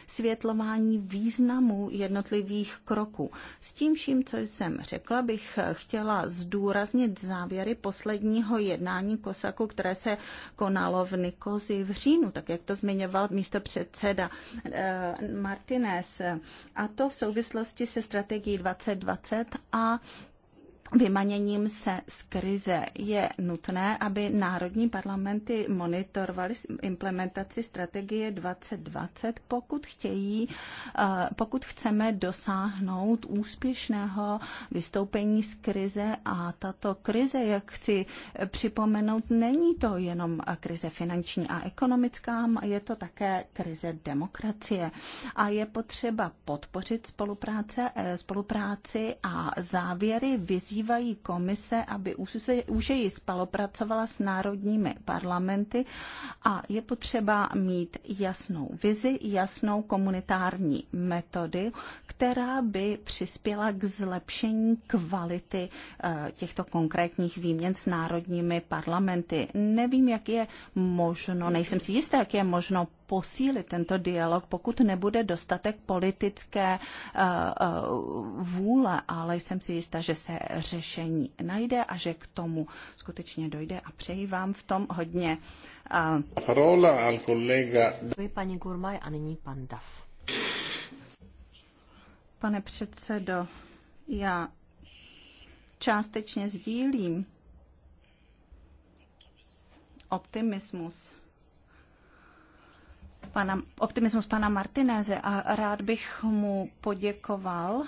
vysvětlování významu jednotlivých kroků. S tím vším, co jsem řekla, bych chtěla zdůraznit závěry posledního jednání Kosaku, které se konalo v Nikozi v říjnu, tak jak to zmiňoval místo předseda eh, Martinez. A to v souvislosti se strategií 2020 a vymaněním se z krize je nutné, aby národní parlamenty monitorovaly implementaci strategie 2020, pokud chtějí, eh, pokud chceme dosáhnout úspěšného vystoupení z krize a tato krize, jak chci připomenout, není to jenom krize finanční a ekonomická, je to také krize demokracie a je potřeba podpořit spolupráce, eh, spolupráci a závěry vizí vyzývají komise, aby úžeji spalopracovala s národními parlamenty a je potřeba mít jasnou vizi, jasnou komunitární metody, která by přispěla k zlepšení kvality eh, těchto konkrétních výměn s národními parlamenty. Nevím, jak je možno, nejsem si jistá, jak je možno posílit tento dialog, pokud nebude dostatek politické eh, eh, vůle, ale jsem si jistá, že se řešení najde a že k tomu skutečně dojde a přeji vám v tom hodně. Eh, Děkuji paní Gurmaj a nyní pan Dav. Pane předsedo, já částečně sdílím optimismus pana, optimismus pana Martineze a rád bych mu poděkoval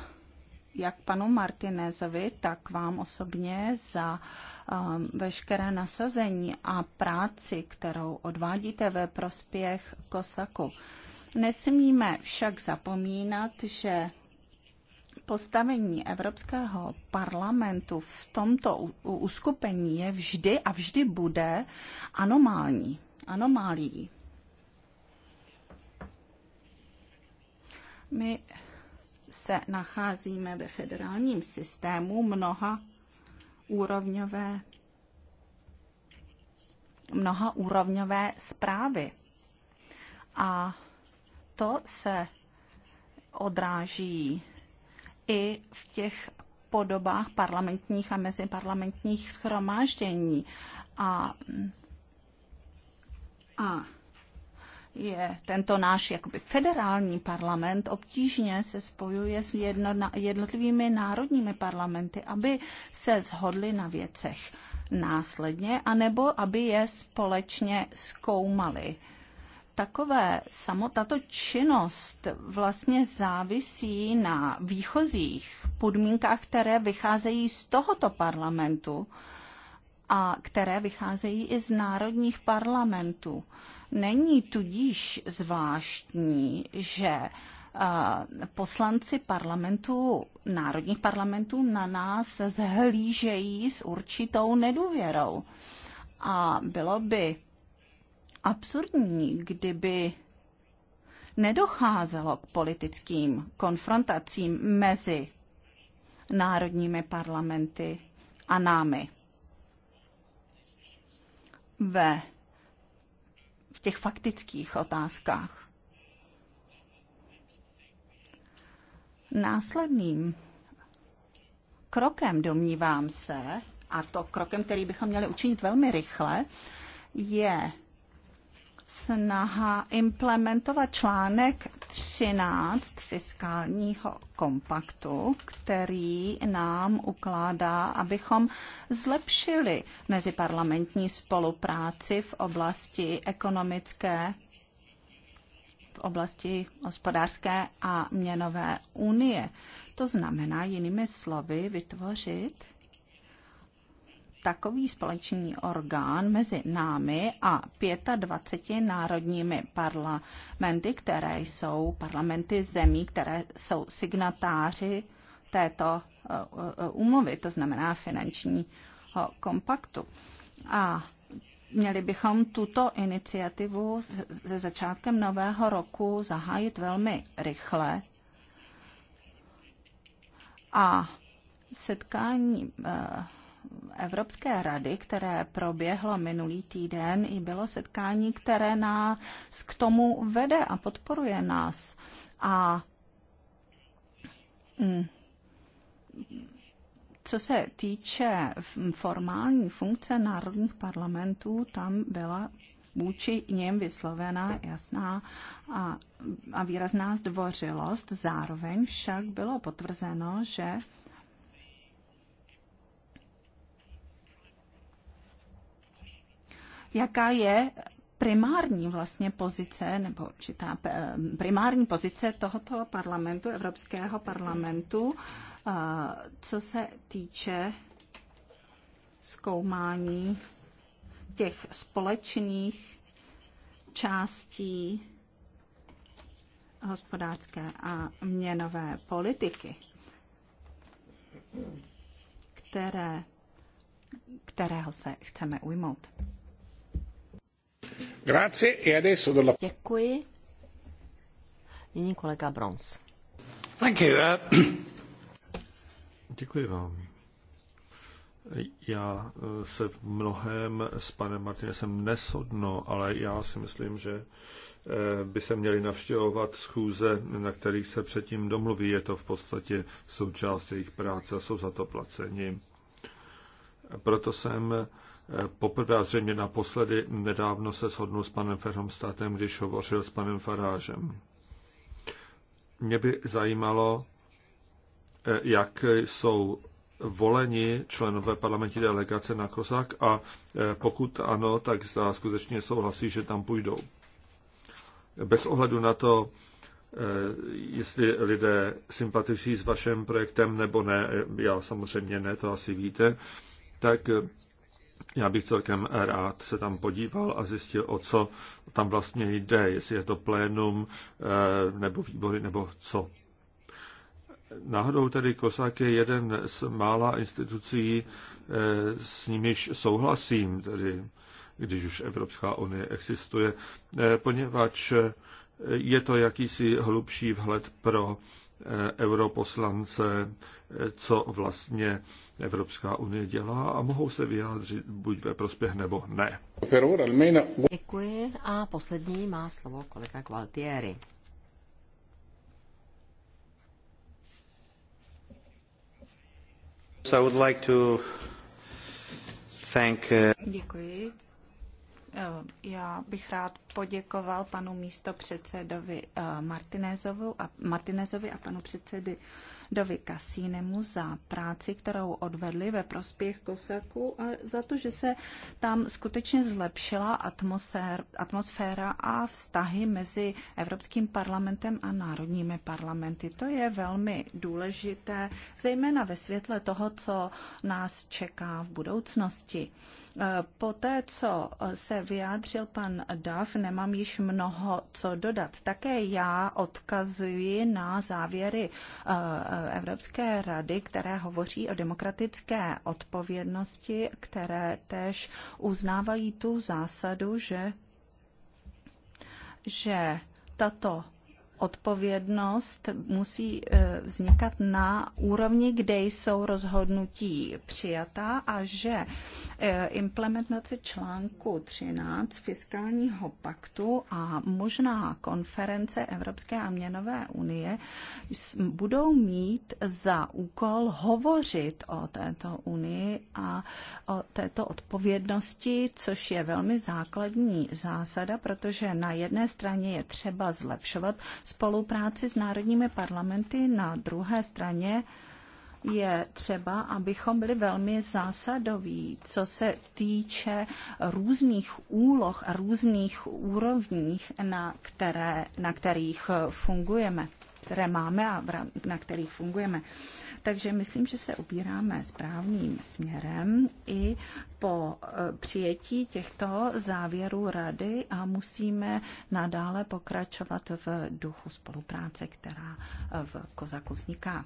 jak panu Martinezovi, tak vám osobně za um, veškeré nasazení a práci, kterou odvádíte ve prospěch Kosaku. Nesmíme však zapomínat, že postavení Evropského parlamentu v tomto uskupení je vždy a vždy bude anomální. Anomálií. My se nacházíme ve federálním systému mnoha úrovňové mnoha úrovňové zprávy. A to se odráží i v těch podobách parlamentních a meziparlamentních schromáždění. A, a je tento náš jakoby federální parlament obtížně se spojuje s jedno, jednotlivými národními parlamenty, aby se shodli na věcech následně, anebo aby je společně zkoumali takové, samo tato činnost vlastně závisí na výchozích podmínkách, které vycházejí z tohoto parlamentu a které vycházejí i z národních parlamentů. Není tudíž zvláštní, že eh, poslanci parlamentů, národních parlamentů na nás zhlížejí s určitou nedůvěrou. A bylo by absurdní, kdyby nedocházelo k politickým konfrontacím mezi národními parlamenty a námi ve v těch faktických otázkách. Následným krokem, domnívám se, a to krokem, který bychom měli učinit velmi rychle, je snaha implementovat článek 13 fiskálního kompaktu, který nám ukládá, abychom zlepšili meziparlamentní spolupráci v oblasti ekonomické, v oblasti hospodářské a měnové unie. To znamená jinými slovy vytvořit takový společný orgán mezi námi a 25 národními parlamenty, které jsou parlamenty zemí, které jsou signatáři této eh, eh, úmluvy, to znamená finančního kompaktu. A měli bychom tuto iniciativu se začátkem nového roku zahájit velmi rychle. A setkání eh, Evropské rady, které proběhlo minulý týden, i bylo setkání, které nás k tomu vede a podporuje nás. A mm, co se týče formální funkce národních parlamentů, tam byla vůči něm vyslovena jasná a, a výrazná zdvořilost. Zároveň však bylo potvrzeno, že jaká je primární vlastně pozice nebo určitá eh, primární pozice tohoto parlamentu, Evropského parlamentu, eh, co se týče zkoumání těch společných částí hospodářské a měnové politiky, které, kterého se chceme ujmout. Grazie e adesso do la... Děkuji. Nyní kolega Brons. Thank you. Uh, Děkuji vám. Já eh, se v mnohem s panem Martinesem nesodno, ale já si myslím, že eh, by se měly navštěvovat schůze, na kterých se předtím domluví. Je to v podstatě součást jejich práce a jsou za to placeni. Proto jsem poprvé a zřejmě naposledy nedávno se shodnul s panem Ferhomstátem, když hovořil s panem Farážem. Mě by zajímalo, eh, jak jsou voleni členové parlamentní delegace na Kozak a eh, pokud ano, tak zda skutečně souhlasí, že tam půjdou. Bez ohledu na to, eh, jestli lidé sympatizují s vaším projektem nebo ne, já samozřejmě ne, to asi víte, tak já bych celkem rád se tam podíval a zjistil, o co tam vlastně jde, jestli je to plénum eh, nebo výbory nebo co. Náhodou tedy Kosák je jeden z mála institucí, eh, s nimiž souhlasím, tedy když už Evropská unie existuje, eh, poněvadž je to jakýsi hlubší vhled pro Eh, europoslance, eh, co vlastně Evropská unie dělá a mohou se vyjádřit buď ve prospěch nebo ne. Děkuji a poslední má slovo kolega Gualtieri. So I would like to thank, uh... Děkuji. Eh, já bych rád poděkoval panu místopředsedovi eh, Martinezovi a, Martinezovi a panu předsedy Dovi Kasínemu za práci, kterou odvedli ve prospěch Kosaku a za to, že se tam skutečně zlepšila atmosféra a vztahy mezi Evropským parlamentem a národními parlamenty. To je velmi důležité, zejména ve světle toho, co nás čeká v budoucnosti. Poté, co se vyjádřil pan Dav, nemám již mnoho co dodat. Také já odkazuji na závěry eh, Evropské rady, které hovoří o demokratické odpovědnosti, které též uznávají tu zásadu, že, že tato odpovědnost musí e, vznikat na úrovni, kde jsou rozhodnutí přijatá a že e, implementace článku 13 fiskálního paktu a možná konference Evropské a měnové unie budou mít za úkol hovořit o této unii a o této odpovědnosti, což je velmi základní zásada, protože na jedné straně je třeba zlepšovat spolupráci s národními parlamenty. Na druhé straně je třeba, abychom byli velmi zásadoví, co se týče různých úloh a různých úrovních, na, které, na kterých fungujeme, které máme a na kterých fungujeme. Uh, takže myslím, že se ubíráme správným směrem i po e, přijetí těchto závěrů rady a musíme nadále pokračovat v duchu spolupráce, která e, v Kozaku vzniká.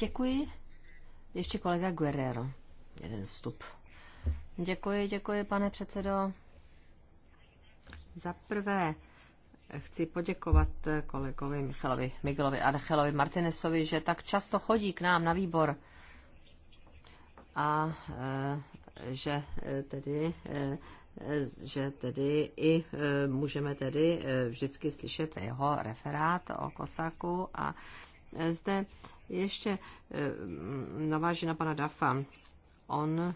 Děkuji. Ještě kolega Guerrero. Jeden vstup. Děkuji, děkuji, pane předsedo. Za prvé, chci poděkovat eh, kolegovi Michalovi a Adechelovi Martinesovi, že tak často chodí k nám na výbor a eh, že eh, tedy že tedy i můžeme tedy vždycky slyšet jeho referát o Kosaku a zde ještě naváží na pana Dafa. On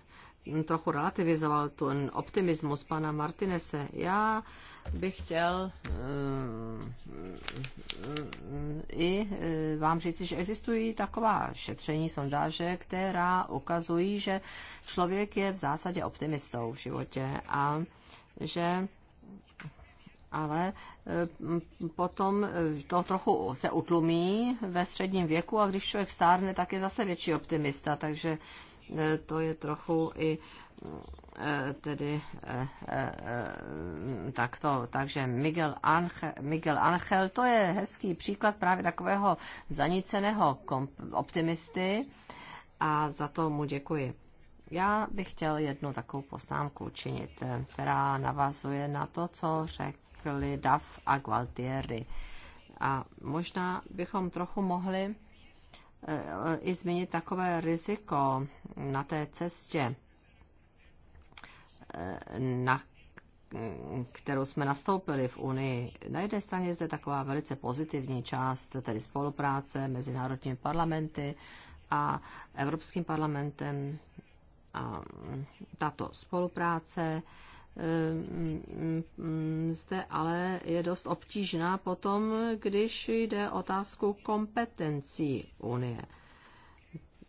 trochu relativizoval ten optimismus pana Martinese. Já bych chtěl eh, i eh, vám říct, že existují taková šetření, sondáže, která ukazují, že člověk je v zásadě optimistou v životě a že ale eh, potom to trochu se utlumí ve středním věku a když člověk stárne, tak je zase větší optimista, takže Eh, to je trochu i eh, tedy eh, takto. Takže Miguel Angel, Miguel Angel, to je hezký příklad právě takového zaniceného optimisty a za to mu děkuji. Já bych chtěl jednu takovou poznámku učinit, která navazuje na to, co řekli Dav a Gualtieri. A možná bychom trochu mohli Eh, i zmínit takové riziko na té cestě, eh, na kterou jsme nastoupili v Unii. Na jedné straně je zde taková velice pozitivní část, tedy spolupráce mezi národními parlamenty a Evropským parlamentem. A tato spolupráce Ehm, zde ale je dost obtížná potom, když jde otázku kompetencí Unie.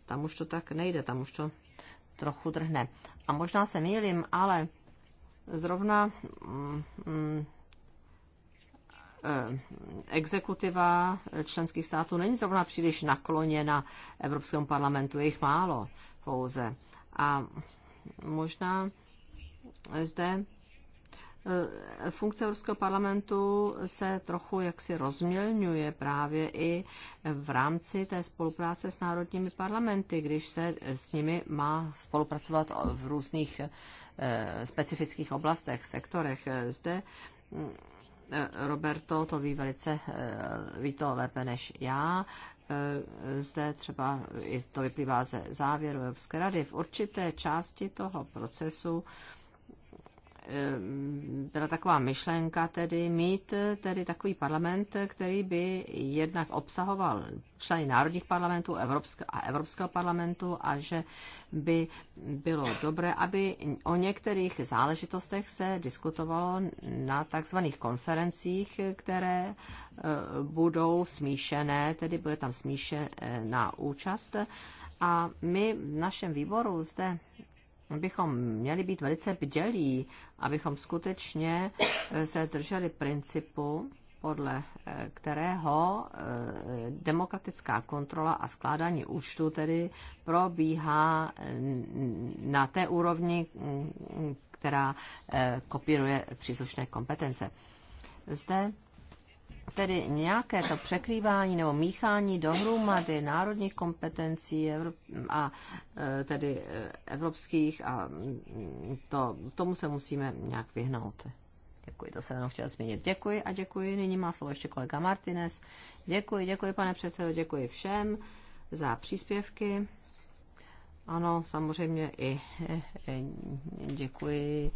Tam už to tak nejde, tam už to trochu drhne. A možná se mýlím, ale zrovna mm, mm, eh, exekutiva členských států není zrovna příliš nakloněna Evropskému parlamentu, je jich málo pouze. A možná zde funkce Evropského parlamentu se trochu jaksi rozmělňuje právě i v rámci té spolupráce s národními parlamenty, když se s nimi má spolupracovat v různých e, specifických oblastech, sektorech. Zde e, Roberto to ví velice, e, ví to lépe než já. Zde třeba to vyplývá ze závěru Evropské rady. V určité části toho procesu byla taková myšlenka tedy mít eh, tedy takový parlament, eh, který by jednak obsahoval členy národních parlamentů a Evropského parlamentu a že by bylo dobré, aby o některých záležitostech se diskutovalo na takzvaných konferencích, které eh, budou smíšené, tedy bude tam smíšená účast. A my v našem výboru zde bychom měli být velice bdělí, abychom skutečně eh, se drželi principu, podle eh, kterého eh, demokratická kontrola a skládání účtu tedy probíhá na té úrovni, mm, která kopíruje příslušné kompetence. Zde Tedy nějaké to překrývání nebo míchání dohromady národních kompetencí a e, tedy e, evropských a mm, to, tomu se musíme nějak vyhnout. Děkuji, to jsem jenom chtěla zmínit. Děkuji a děkuji. Nyní má slovo ještě kolega Martinez. Děkuji, děkuji pane předsedo, děkuji všem za příspěvky. Ano, samozřejmě i e, děkuji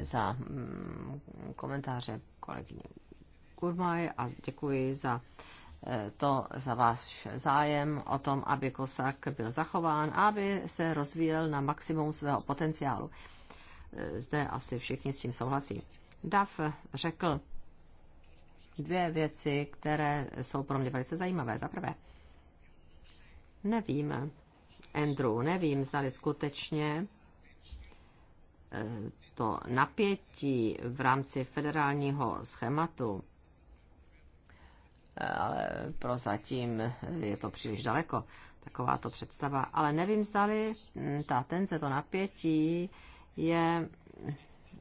za mm, komentáře kolegyně Kurmaj a děkuji za eh, to za váš zájem o tom, aby Kosak byl zachován a aby se rozvíjel na maximum svého potenciálu. Eh, zde asi všichni s tím souhlasí. Daf řekl dvě věci, které jsou pro mě velice zajímavé. Za prvé, nevím, Andrew, nevím, zdali skutečně eh, to napětí v rámci federálního schématu ale prozatím je to příliš daleko, taková to představa. Ale nevím, zdali hm, ta tenze, to napětí je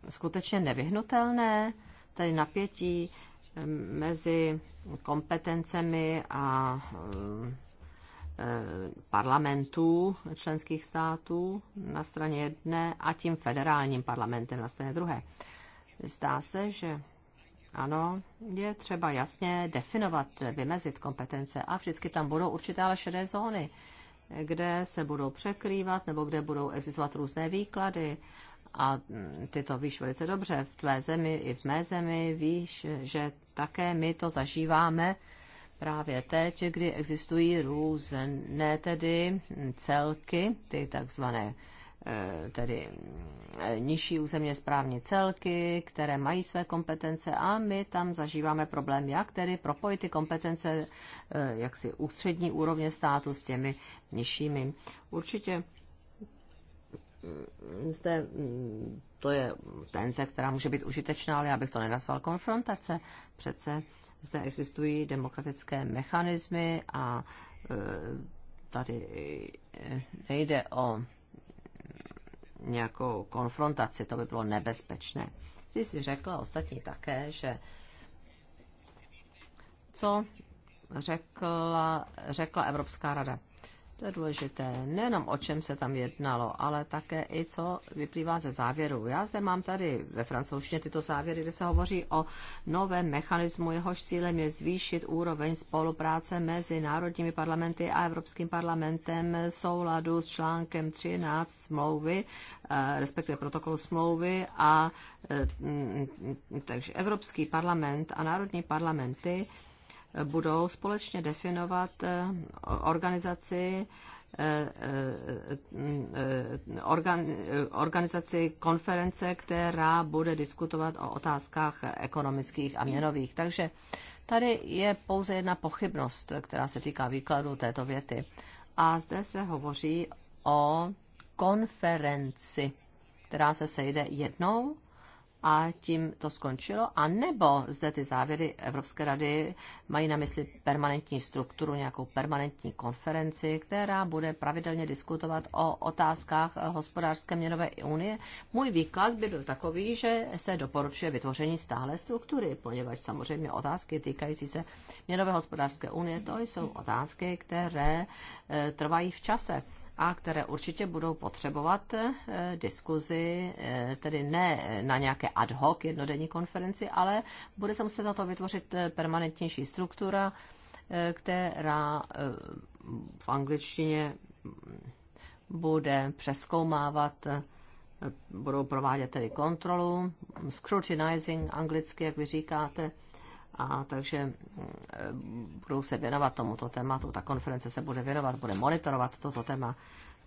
skutečně nevyhnutelné, tedy napětí hm, mezi kompetencemi a hm, e, parlamentů členských států na straně jedné a tím federálním parlamentem na straně druhé. Zdá se, že ano, je třeba jasně definovat, vymezit kompetence a vždycky tam budou určité ale šedé zóny, kde se budou překrývat nebo kde budou existovat různé výklady. A mm, ty to víš velice dobře, v tvé zemi i v mé zemi víš, že také my to zažíváme právě teď, kdy existují různé tedy celky, ty takzvané Eh, tedy eh, nižší územně správní celky, které mají své kompetence a my tam zažíváme problém, jak tedy propojit ty kompetence eh, jaksi ústřední úrovně státu s těmi nižšími. Určitě mm, zde mm, to je tenze, která může být užitečná, ale já bych to nenazval konfrontace. Přece zde existují demokratické mechanismy a tady nejde o nějakou konfrontaci, to by bylo nebezpečné. Ty jsi řekla ostatní také, že co řekla, řekla Evropská rada to je důležité. Nejenom o čem se tam jednalo, ale také i co vyplývá ze závěru. Já zde mám tady ve francouzštině tyto závěry, kde se hovoří o novém mechanismu. Jehož cílem je zvýšit úroveň spolupráce mezi národními parlamenty a Evropským parlamentem v souladu s článkem 13 smlouvy, eh, respektive protokolu smlouvy. A eh, takže Evropský parlament a národní parlamenty budou společně definovat eh, organizaci eh, eh, organizaci konference, která bude diskutovat o otázkách ekonomických a měnových. Takže tady je pouze jedna pochybnost, která se týká výkladu této věty. A zde se hovoří o konferenci, která se sejde jednou a tím to skončilo, a nebo zde ty závěry Evropské rady mají na mysli permanentní strukturu, nějakou permanentní konferenci, která bude pravidelně diskutovat o otázkách hospodářské měnové unie. Můj výklad by byl takový, že se doporučuje vytvoření stále struktury, poněvadž samozřejmě otázky týkající se měnové hospodářské unie, to jsou otázky, které eh, trvají v čase a které určitě budou potřebovat eh, diskuzi, eh, tedy ne na nějaké ad hoc jednodenní konferenci, ale bude se muset na to vytvořit eh, permanentnější struktura, která v angličtině mm, bude přeskoumávat, budou provádět tedy kontrolu, scrutinizing anglicky, jak vy říkáte, a takže mm, eh, budou se věnovat tomuto tématu. Ta konference se bude věnovat, bude monitorovat toto téma.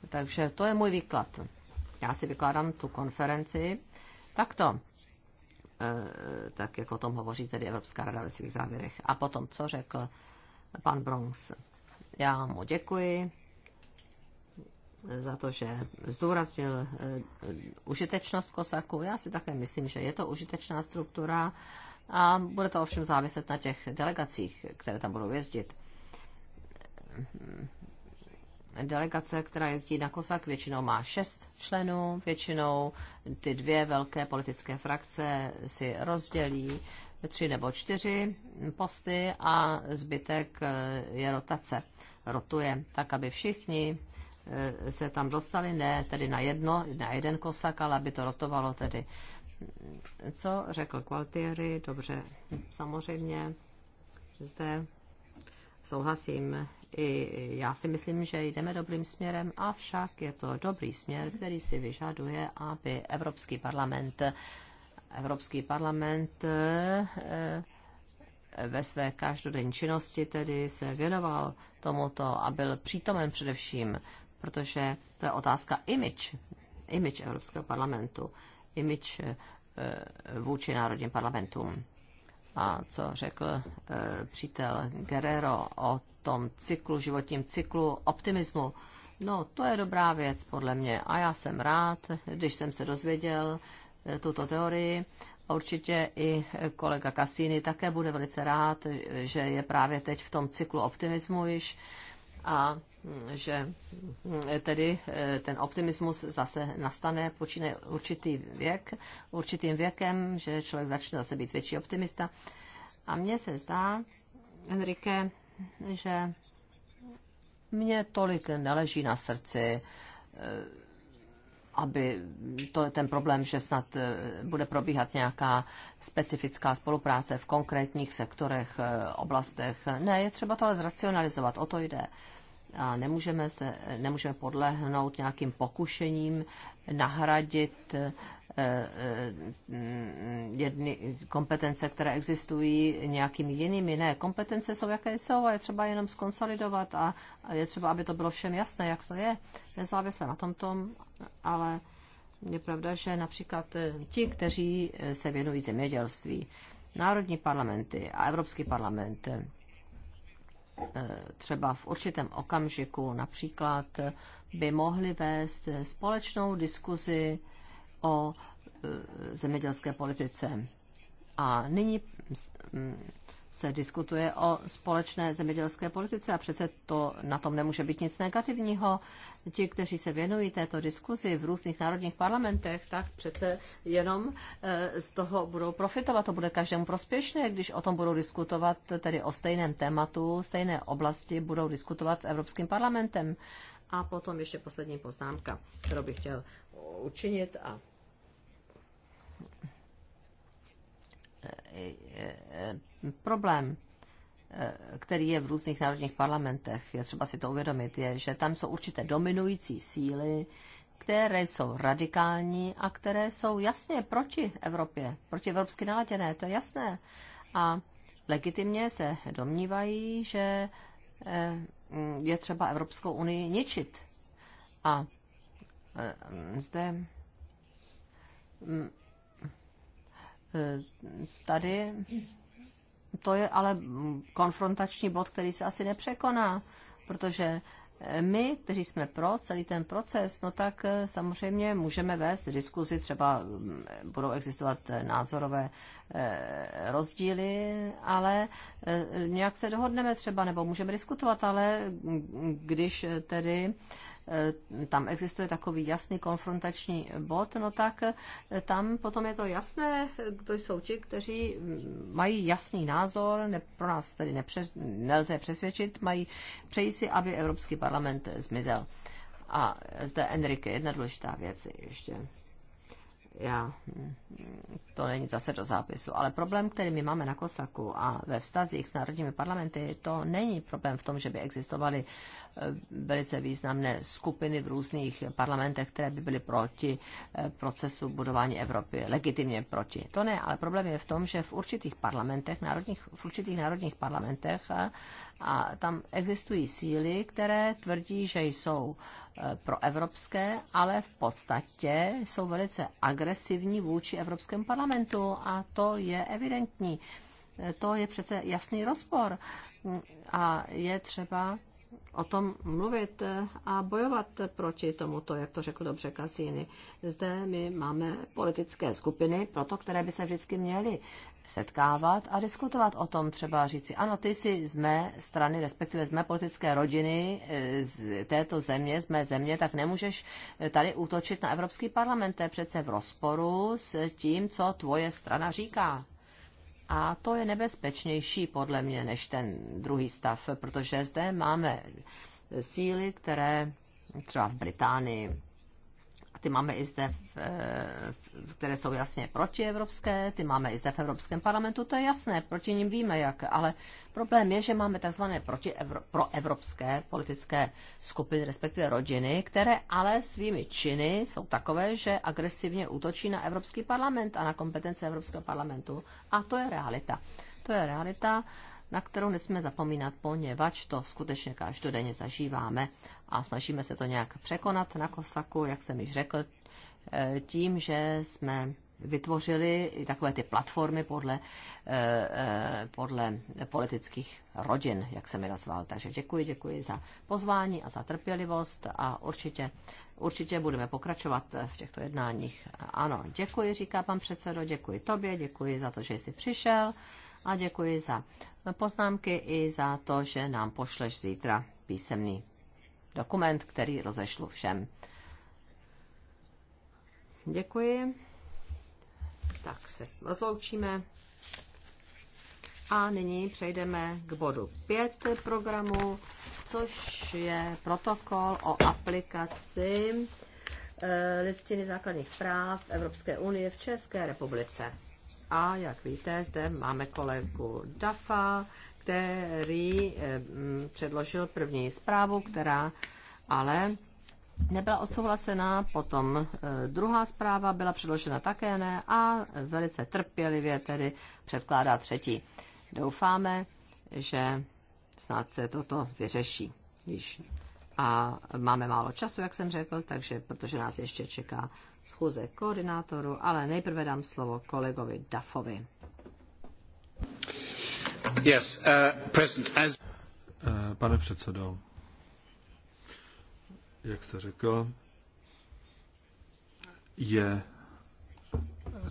Takže to je můj výklad. Já si vykládám tu konferenci takto, eh, tak jak o tom hovoří tedy Evropská rada ve svých závěrech. A potom, co řekl pan Bronx. Já mu děkuji za to, že zdůraznil eh, užitečnost Kosaku. Já si také myslím, že je to užitečná struktura a bude to ovšem záviset na těch delegacích, které tam budou jezdit. Delegace, která jezdí na Kosak, většinou má šest členů, většinou ty dvě velké politické frakce si rozdělí tři nebo čtyři posty a zbytek eh, je rotace. Rotuje tak, aby všichni eh, se tam dostali, ne tedy na jedno, na jeden kosak, ale aby to rotovalo tedy co řekl Qualtieri, dobře, samozřejmě, zde souhlasím. I já si myslím, že jdeme dobrým směrem, avšak je to dobrý směr, který si vyžaduje, aby Evropský parlament, Evropský parlament eh, ve své každodenní činnosti tedy se věnoval tomuto a byl přítomen především, protože to je otázka image, image Evropského parlamentu image eh, vůči národním parlamentům. A co řekl eh, přítel Guerrero o tom cyklu, životním cyklu optimismu, No, to je dobrá věc podle mě a já jsem rád, když jsem se dozvěděl eh, tuto teorii. Určitě i kolega Cassini také bude velice rád, že je právě teď v tom cyklu optimismu již. A že eh, tedy eh, ten optimismus zase nastane, počíne určitý věk, určitým věkem, že člověk začne zase být větší optimista. A mně se zdá, Enrique, že mně tolik neleží na srdci, eh, aby to, ten problém, že snad bude probíhat nějaká specifická spolupráce v konkrétních sektorech, oblastech. Ne, je třeba to ale zracionalizovat, o to jde a nemůžeme, se, nemůžeme podlehnout nějakým pokušením nahradit eh, eh, jedny kompetence, které existují nějakými jinými. Ne, kompetence jsou, jaké jsou a je třeba jenom skonsolidovat a je třeba, aby to bylo všem jasné, jak to je, nezávisle na tom tom, ale je pravda, že například eh, ti, kteří se věnují zemědělství, národní parlamenty a Evropský parlament, Eh, třeba v určitém okamžiku například by mohly vést společnou diskuzi o eh, zemědělské politice. A nyní mm, se diskutuje o společné zemědělské politice a přece to na tom nemůže být nic negativního. Ti, kteří se věnují této diskuzi v různých národních parlamentech, tak přece jenom eh, z toho budou profitovat. To bude každému prospěšné, když o tom budou diskutovat, tedy o stejném tématu, stejné oblasti budou diskutovat s Evropským parlamentem. A potom ještě poslední poznámka, kterou bych chtěl učinit a Eh, eh, problém, eh, který je v různých národních parlamentech, je třeba si to uvědomit, je, že tam jsou určité dominující síly, které jsou radikální a které jsou jasně proti Evropě, proti evropsky naladěné, to je jasné. A legitimně se domnívají, že je třeba Evropskou unii ničit. A zde mm, Eh, tady to je ale konfrontační bod, který se asi nepřekoná, protože eh, my, kteří jsme pro celý ten proces, no tak eh, samozřejmě můžeme vést diskuzi, třeba mm, budou existovat názorové rozdíly, ale nějak se dohodneme třeba, nebo můžeme diskutovat, ale mm, když tedy Eh, tam existuje takový jasný konfrontační bod, no tak eh, tam potom je to jasné, kdo jsou ti, kteří mají jasný názor, ne, pro nás tedy nepře, nelze přesvědčit, mají přeji si, aby Evropský parlament zmizel. A zde Enrique, jedna důležitá věc ještě já, to není zase do zápisu, ale problém, který my máme na Kosaku a ve vztazích s národními parlamenty, to není problém v tom, že by existovaly eh, velice významné skupiny v různých parlamentech, které by byly proti eh, procesu budování Evropy, legitimně proti. To ne, ale problém je v tom, že v určitých parlamentech, národních, v určitých národních parlamentech eh, a tam existují síly, které tvrdí, že jsou eh, proevropské, ale v podstatě jsou velice agresivní vůči Evropskému parlamentu a to je evidentní. Eh, to je přece jasný rozpor a je třeba o tom mluvit eh, a bojovat proti tomuto, jak to řekl dobře Kasíny. Zde my máme politické skupiny, proto které by se vždycky měly setkávat a diskutovat o tom, třeba říci, ano, ty jsi z mé strany, respektive z mé politické rodiny, e, z této země, z mé země, tak nemůžeš e, tady útočit na Evropský parlament, to je přece v rozporu s tím, co tvoje strana říká. A to je nebezpečnější podle mě než ten druhý stav, protože zde máme síly, které třeba v Británii a ty máme i zde, eh, v, které jsou jasně protievropské, ty máme i zde v Evropském parlamentu, to je jasné, proti ním víme jak, ale problém je, že máme tzv. proevropské politické skupiny, respektive rodiny, které ale svými činy jsou takové, že agresivně útočí na Evropský parlament a na kompetence Evropského parlamentu. A to je realita. To je realita na kterou nesmíme zapomínat, poněvadž to skutečně každodenně zažíváme a snažíme se to nějak překonat na Kosaku, jak jsem již řekl, eh, tím, že jsme vytvořili i takové ty platformy podle, eh, eh, podle politických rodin, jak jsem je nazval. Takže děkuji, děkuji za pozvání a za trpělivost a určitě, určitě budeme pokračovat v těchto jednáních. Ano, děkuji, říká pan předsedo, děkuji tobě, děkuji za to, že jsi přišel a děkuji za poznámky i za to, že nám pošleš zítra písemný dokument, který rozešlu všem. Děkuji. Tak se rozloučíme. A nyní přejdeme k bodu 5 programu, což je protokol o aplikaci eh, listiny základních práv Evropské unie v České republice. A jak víte, zde máme kolegu Dafa, který eh, mm, předložil první zprávu, která ale nebyla odsouhlasená, potom eh, druhá zpráva byla předložena také ne a velice trpělivě tedy předkládá třetí. Doufáme, že snad se toto vyřeší již a máme málo času, jak jsem řekl, takže protože nás ještě čeká schůze koordinátoru, ale nejprve dám slovo kolegovi Dafovi. Yes, uh, present as... Eh, pane předsedo, jak jste řekl, je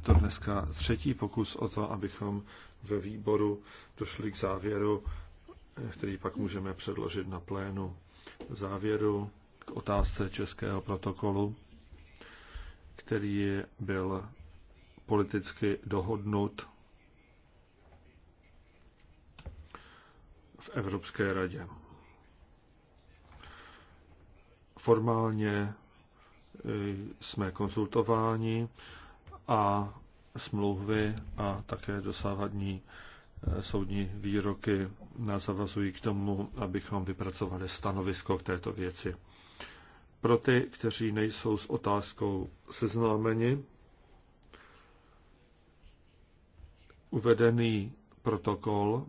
to dneska třetí pokus o to, abychom ve výboru došli k závěru, eh, který pak můžeme předložit na plénu závěru k otázce českého protokolu, který byl politicky dohodnut v Evropské radě. Formálně eh, jsme konzultováni a smlouvy a také dosávadní soudní výroky nás zavazují k tomu, abychom vypracovali stanovisko k této věci. Pro ty, kteří nejsou s otázkou seznámeni, uvedený protokol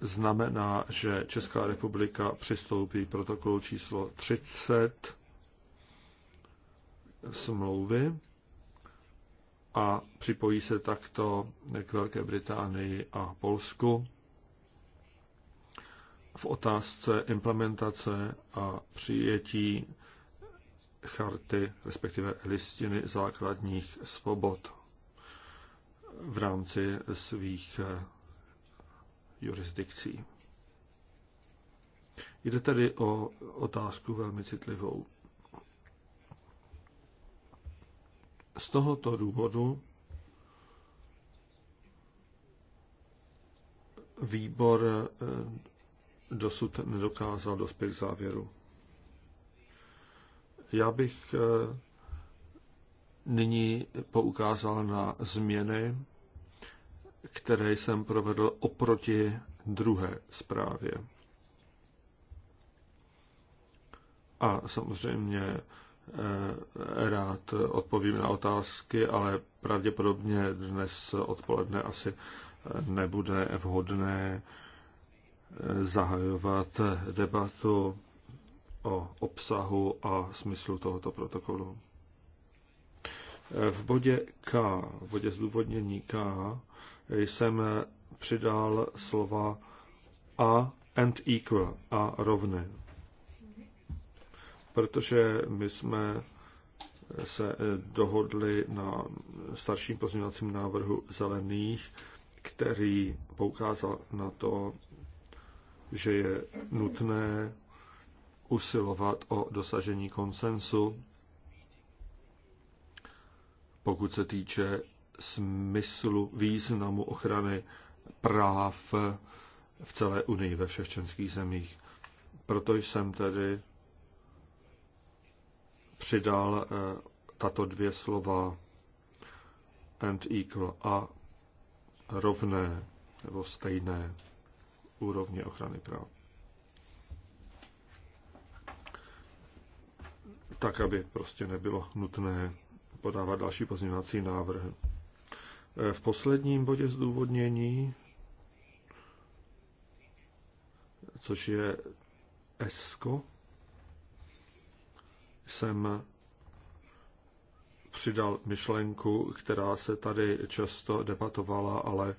znamená, že Česká republika přistoupí protokolu číslo 30 smlouvy a připojí se takto k Velké Británii a Polsku v otázce implementace a přijetí charty, respektive listiny základních svobod v rámci svých eh, jurisdikcí. Jde tedy o otázku velmi citlivou. Z tohoto důvodu výbor eh, dosud nedokázal dospět k závěru. Já bych eh, nyní poukázal na změny, které jsem provedl oproti druhé zprávě. A samozřejmě Eh, rád odpovím na otázky, ale pravděpodobně dnes odpoledne asi eh, nebude vhodné eh, zahajovat debatu o obsahu a smyslu tohoto protokolu. V bodě K, v bodě zdůvodnění K, jsem přidal slova a and equal, a rovné protože my jsme se dohodli na starším pozměňovacím návrhu zelených, který poukázal na to, že je nutné usilovat o dosažení konsensu, pokud se týče smyslu významu ochrany práv v celé Unii, ve všech členských zemích. Proto jsem tedy přidal eh, tato dvě slova and equal a rovné nebo stejné úrovně ochrany práv. Tak, aby prostě nebylo nutné podávat další pozměňovací návrh. Eh, v posledním bodě zdůvodnění, což je ESCO, jsem přidal myšlenku, která se tady často debatovala, ale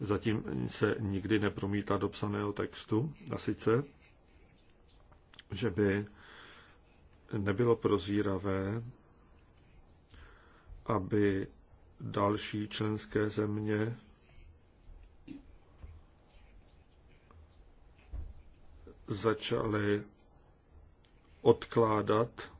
zatím se nikdy nepromítla do psaného textu. A sice, že by nebylo prozíravé, aby další členské země začaly odkládat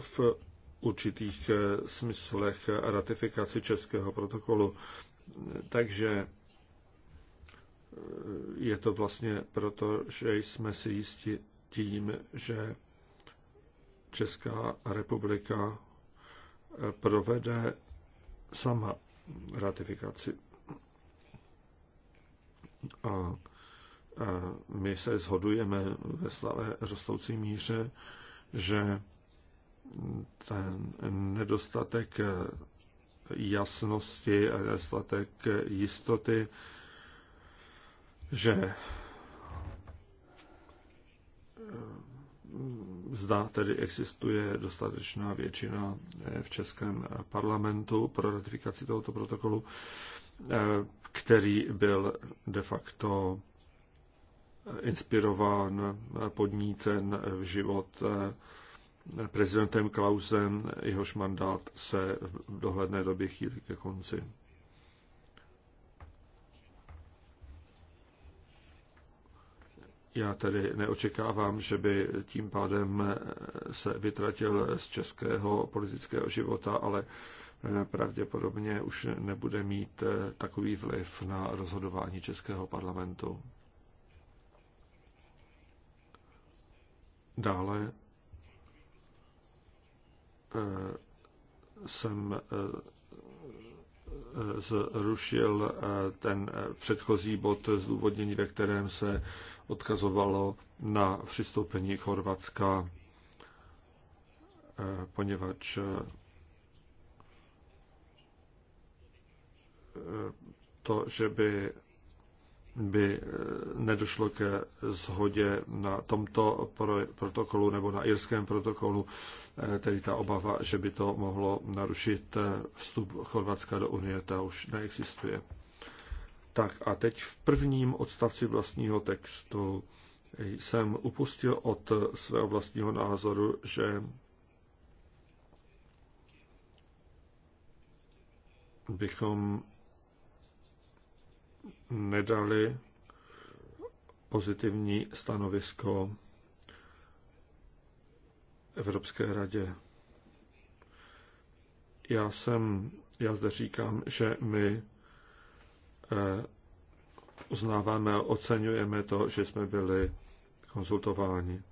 v určitých eh, smyslech ratifikaci českého protokolu. Takže eh, je to vlastně proto, že jsme si jistí tím, že Česká republika eh, provede sama ratifikaci. A my se shodujeme ve slavé rostoucí míře, že ten nedostatek jasnosti a nedostatek jistoty, že eh, zda tedy existuje dostatečná většina eh, v Českém parlamentu pro ratifikaci tohoto protokolu, eh, který byl de facto inspirován, podnícen v život prezidentem Klausem, jehož mandát se v dohledné době chýlí ke konci. Já tedy neočekávám, že by tím pádem se vytratil z českého politického života, ale pravděpodobně už nebude mít takový vliv na rozhodování českého parlamentu. Dále eh, jsem eh, eh, zrušil ten předchozí bod zdůvodnění, ve kterém se odkazovalo na přistoupení Chorvatska, poněvadž to, že by by eh, nedošlo ke zhodě na tomto protokolu nebo na irském protokolu, eh, tedy ta obava, že by to mohlo narušit eh, vstup Chorvatska do Unie, ta už neexistuje. Tak a teď v prvním odstavci vlastního textu jsem upustil od svého vlastního názoru, že bychom nedali pozitivní stanovisko Evropské radě. Já jsem, já zde říkám, že my eh, uznáváme a oceňujeme to, že jsme byli konzultováni.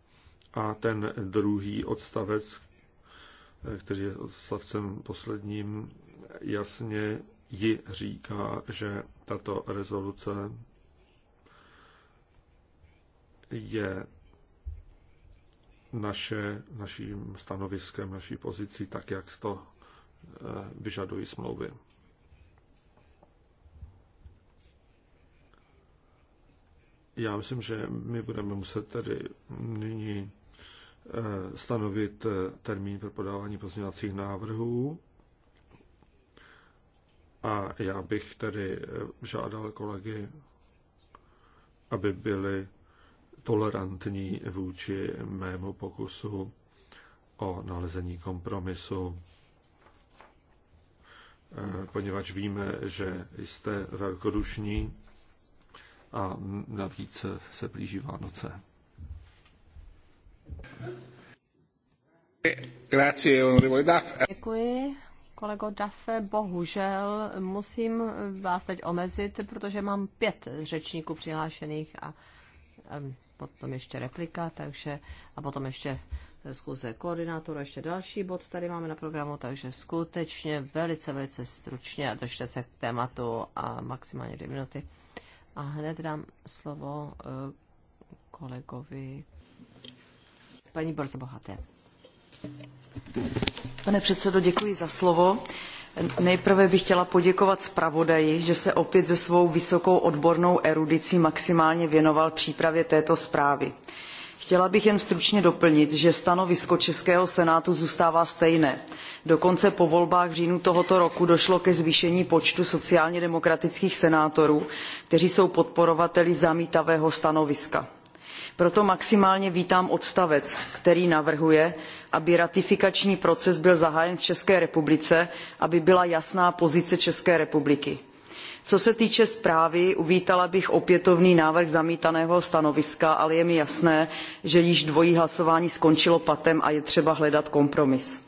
A ten druhý odstavec, eh, který je odstavcem posledním, jasně ji říká, že tato rezoluce je naše, naším stanoviskem, naší pozicí, tak jak to eh, vyžadují smlouvy. Já myslím, že my budeme muset tedy nyní eh, stanovit eh, termín pro podávání pozměňovacích návrhů a já bych tedy eh, žádal kolegy, aby byli tolerantní vůči mému pokusu o nalezení kompromisu, eh, poněvadž víme, že jste velkodušní a navíc se blíží Vánoce. Děkuji. Kolego Dafe, bohužel musím vás teď omezit, protože mám pět řečníků přihlášených a, a potom ještě replika, takže a potom ještě zkuze koordinátora, ještě další bod tady máme na programu, takže skutečně velice, velice stručně a držte se k tématu a maximálně dvě minuty. A hned dám slovo eh, kolegovi paní Borzo Bohaté. Pane předsedo, děkuji za slovo. Nejprve bych chtěla poděkovat zpravodaji, že se opět se svou vysokou odbornou erudicí maximálně věnoval přípravě této zprávy. Chtěla bych jen stručně doplnit, že stanovisko Českého senátu zůstává stejné. Dokonce po volbách v říjnu tohoto roku došlo ke zvýšení počtu sociálně demokratických senátorů, kteří jsou podporovateli zamítavého stanoviska proto maximálně vítám odstavec, který navrhuje, aby ratifikační proces byl zahájen v České republice, aby byla jasná pozice České republiky. Co se týče zprávy, uvítala bych opětovný návrh zamítaného stanoviska, ale je mi jasné, že již dvojí hlasování skončilo patem a je třeba hledat kompromis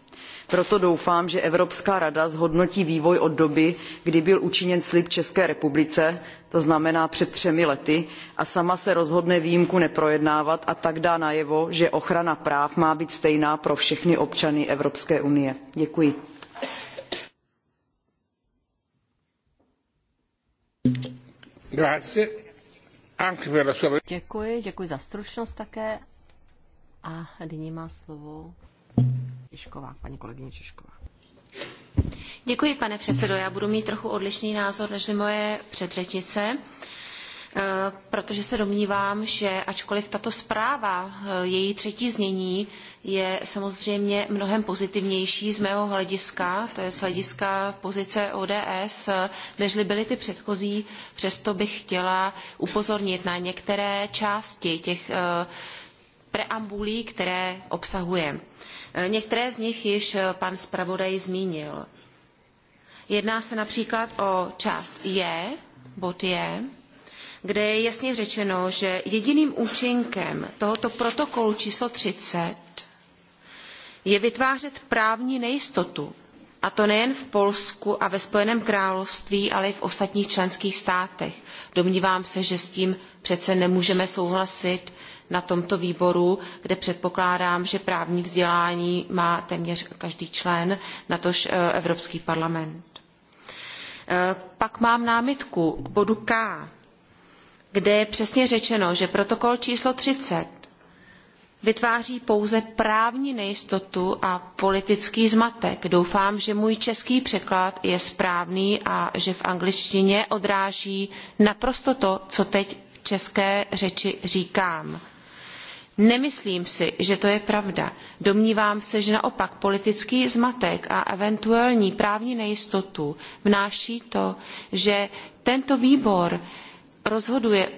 proto doufám že evropská rada zhodnotí vývoj od doby kdy byl učiněn slib české republice to znamená před třemi lety a sama se rozhodne výjimku neprojednávat a tak dá najevo že ochrana práv má být stejná pro všechny občany evropské unie. děkuji. Děkuji, děkuji za stručnost také. A nyní má slovo paní kolegyně Děkuji, pane předsedo. Já budu mít trochu odlišný názor než moje předřečnice eh, protože se domnívám, že ačkoliv tato zpráva, eh, její třetí znění, je samozřejmě mnohem pozitivnější z mého hlediska, to je z hlediska pozice ODS, eh, než byly ty předchozí, přesto bych chtěla upozornit na některé části těch preambulí, které obsahuje. Některé z nich již eh, pan zpravodaj zmínil. Jedná se například o část je, bod je, kde je jasně řečeno, že jediným účinkem tohoto protokolu číslo 30 je vytvářet právní nejistotu. A to nejen v Polsku a ve Spojeném království, ale i v ostatních členských státech. Domnívám se, že s tím přece nemůžeme souhlasit na tomto výboru, kde předpokládám, že právní vzdělání má téměř každý člen, natož eh, Evropský parlament. Eh, pak mám námitku k bodu K, kde je přesně řečeno, že protokol číslo 30 vytváří pouze právní nejistotu a politický zmatek. Doufám, že můj český překlad je správný a že v angličtině odráží naprosto to, co teď v české řeči říkám. Nemyslím si, že to je pravda. Domnívám se, že naopak politický zmatek a eventuální právní nejistotu vnáší to, že tento výbor rozhoduje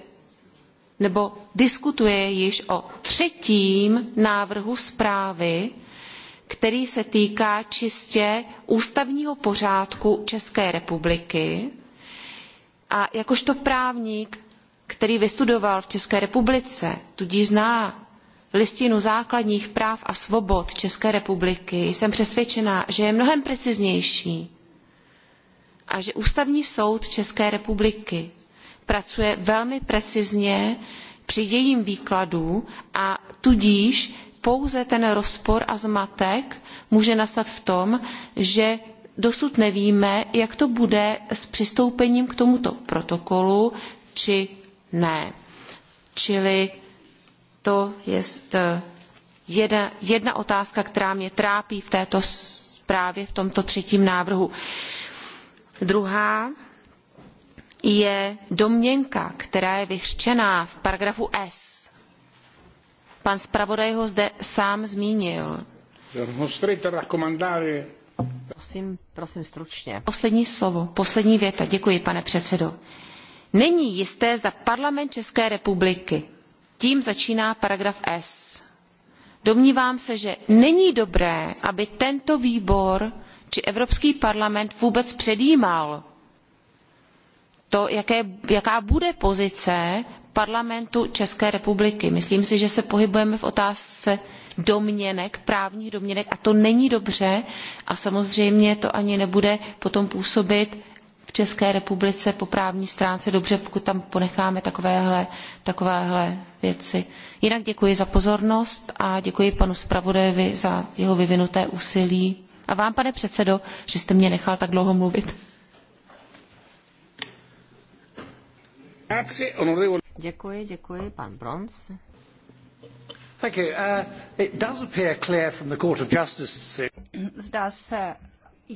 nebo diskutuje již o třetím návrhu zprávy, který se týká čistě ústavního pořádku České republiky. A jakožto právník, který vystudoval v České republice, tudíž zná listinu základních práv a svobod České republiky, jsem přesvědčena, že je mnohem preciznější a že Ústavní soud České republiky pracuje velmi precizně při jejím výkladu a tudíž pouze ten rozpor a zmatek může nastat v tom, že dosud nevíme, jak to bude s přistoupením k tomuto protokolu či ne. Čili to je eh, jedna, jedna otázka, která mě trápí v této zprávě, v tomto třetím návrhu. Druhá je domněnka, která je vyhřčená v paragrafu S. Pan zpravodaj ho zde sám zmínil. Prosím, prosím stručně. Poslední slovo, poslední věta. Děkuji, pane předsedo. Není jisté, zda parlament České republiky tím začíná paragraf S. Domnívám se, že není dobré, aby tento výbor či Evropský parlament vůbec předjímal to, jaké, jaká bude pozice parlamentu České republiky. Myslím si, že se pohybujeme v otázce domněnek, právních domněnek a to není dobře a samozřejmě to ani nebude potom působit České republice po právní stránce dobře, pokud tam ponecháme takovéhle, takovéhle věci. Jinak děkuji za pozornost a děkuji panu zpravodajovi za jeho vyvinuté úsilí. A vám, pane předsedo, že jste mě nechal tak dlouho mluvit. Děkuji, děkuji, pan Justice. Zdá se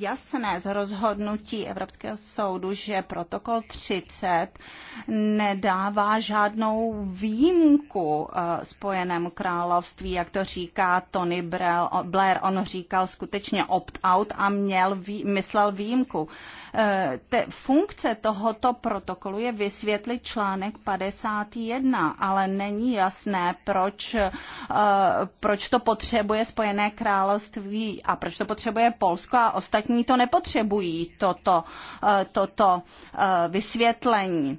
jasné z rozhodnutí Evropského soudu, že protokol 30 nedává žádnou výjimku eh, Spojenému království, jak to říká Tony Blair. On říkal skutečně opt-out a měl, myslel výjimku. Eh, te, funkce tohoto protokolu je vysvětlit článek 51, ale není jasné, proč, eh, proč to potřebuje Spojené království a proč to potřebuje Polsko a ostatní to nepotřebují, toto, eh, toto vysvětlení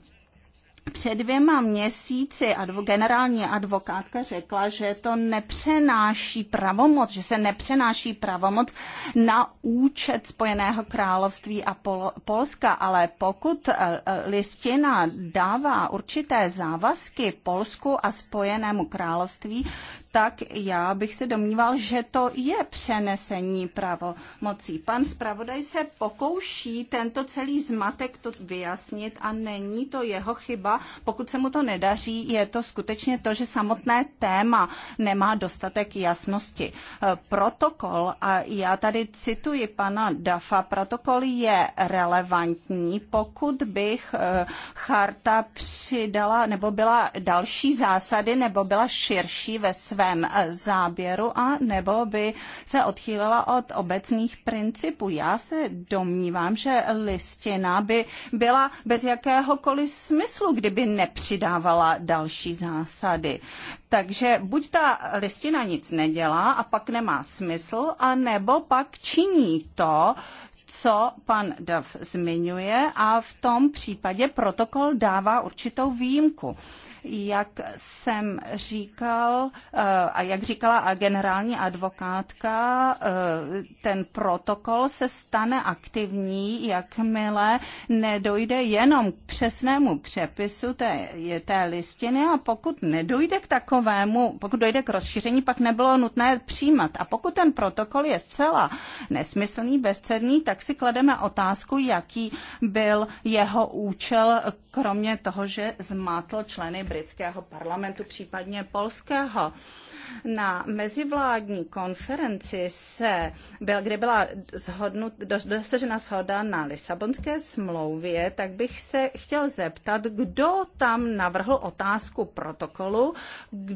před dvěma měsíci advo, generální advokátka řekla, že to nepřenáší pravomoc, že se nepřenáší pravomoc na účet Spojeného království a Pol- Polska, ale pokud e, e, listina dává určité závazky Polsku a Spojenému království, tak já bych se domníval, že to je přenesení pravomocí. Pan zpravodaj se pokouší tento celý zmatek to vyjasnit a není to jeho chyba. Pokud se mu to nedaří, je to skutečně to, že samotné téma nemá dostatek jasnosti. E, protokol, a já tady cituji pana Dafa, protokol je relevantní, pokud bych e, charta přidala nebo byla další zásady nebo byla širší ve své svém eh, záběru a nebo by se odchýlila od obecných principů. Já se domnívám, že listina by byla bez jakéhokoliv smyslu, kdyby nepřidávala další zásady. Takže buď ta listina nic nedělá a pak nemá smysl, a nebo pak činí to, co pan Dav zmiňuje a v tom případě protokol dává určitou výjimku. Jak jsem říkal eh, a jak říkala a generální advokátka, eh, ten protokol se stane aktivní, jakmile nedojde jenom k přesnému přepisu té, té listiny a pokud nedojde k takovému, pokud dojde k rozšíření, pak nebylo nutné přijímat. A pokud ten protokol je zcela nesmyslný, bezcedný, tak si klademe otázku, jaký byl jeho účel, kromě toho, že zmátl členy britského parlamentu, případně polského. Na mezivládní konferenci, se, byl, kde byla zhodnut, dosažena shoda na Lisabonské smlouvě, tak bych se chtěl zeptat, kdo tam navrhl otázku protokolu,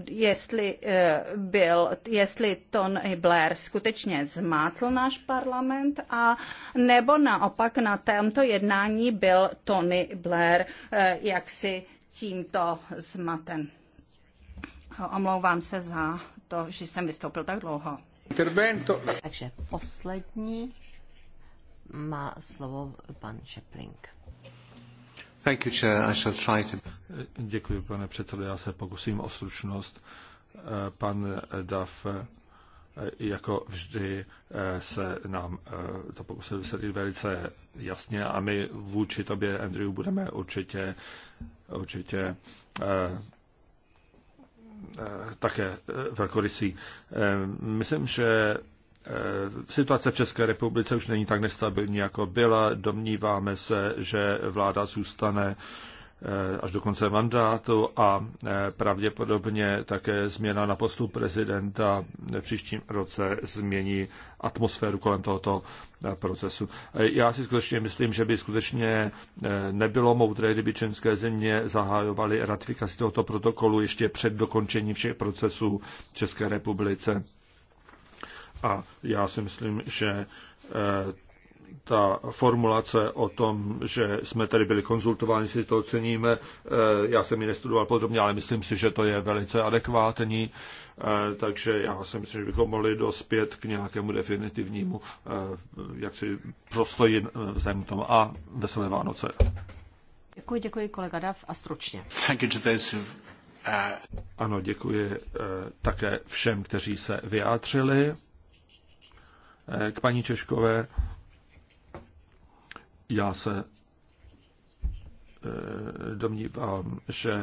jestli, eh, byl, jestli Tony Blair skutečně zmátl náš parlament a nebo naopak na tomto jednání byl Tony Blair eh, jaksi tímto zmaten. Omlouvám se za to, že jsem vystoupil tak dlouho. Intervento. Takže poslední má slovo pan Šeplink. Thank you, Chair. I shall try to... Děkuji, pane předsedo. Já se pokusím o stručnost. Pan Daf. jako vždy se nám eh, to pokusil vysvětlit velice jasně a my vůči tobě, Andrew, budeme určitě určitě eh, eh, také eh, velkorysí. Myslím, že situace v České republice už není tak nestabilní, jako byla. Domníváme se, že vláda zůstane Eh, až do konce mandátu a eh, pravděpodobně také změna na postu prezidenta v příštím roce změní atmosféru kolem tohoto eh, procesu. Já si skutečně myslím, že by skutečně nebylo moudré, kdyby čínské země zahájovaly ratifikaci tohoto protokolu ještě před dokončením všech procesů v České republice. A já si myslím, že ta formulace o tom, že jsme tady byli konzultováni, si to oceníme. Eh, já jsem ji nestudoval podrobně, ale myslím si, že to je velice adekvátní, eh, takže já si myslím, že bychom mohli dospět k nějakému definitivnímu eh, jaksi prostoji vzhledem tomu a veselé Vánoce. Děkuji, děkuji kolega Dav a stručně. Uh, ano, děkuji také všem, kteří se vyjádřili k paní Češkové já se eh, domnívám, že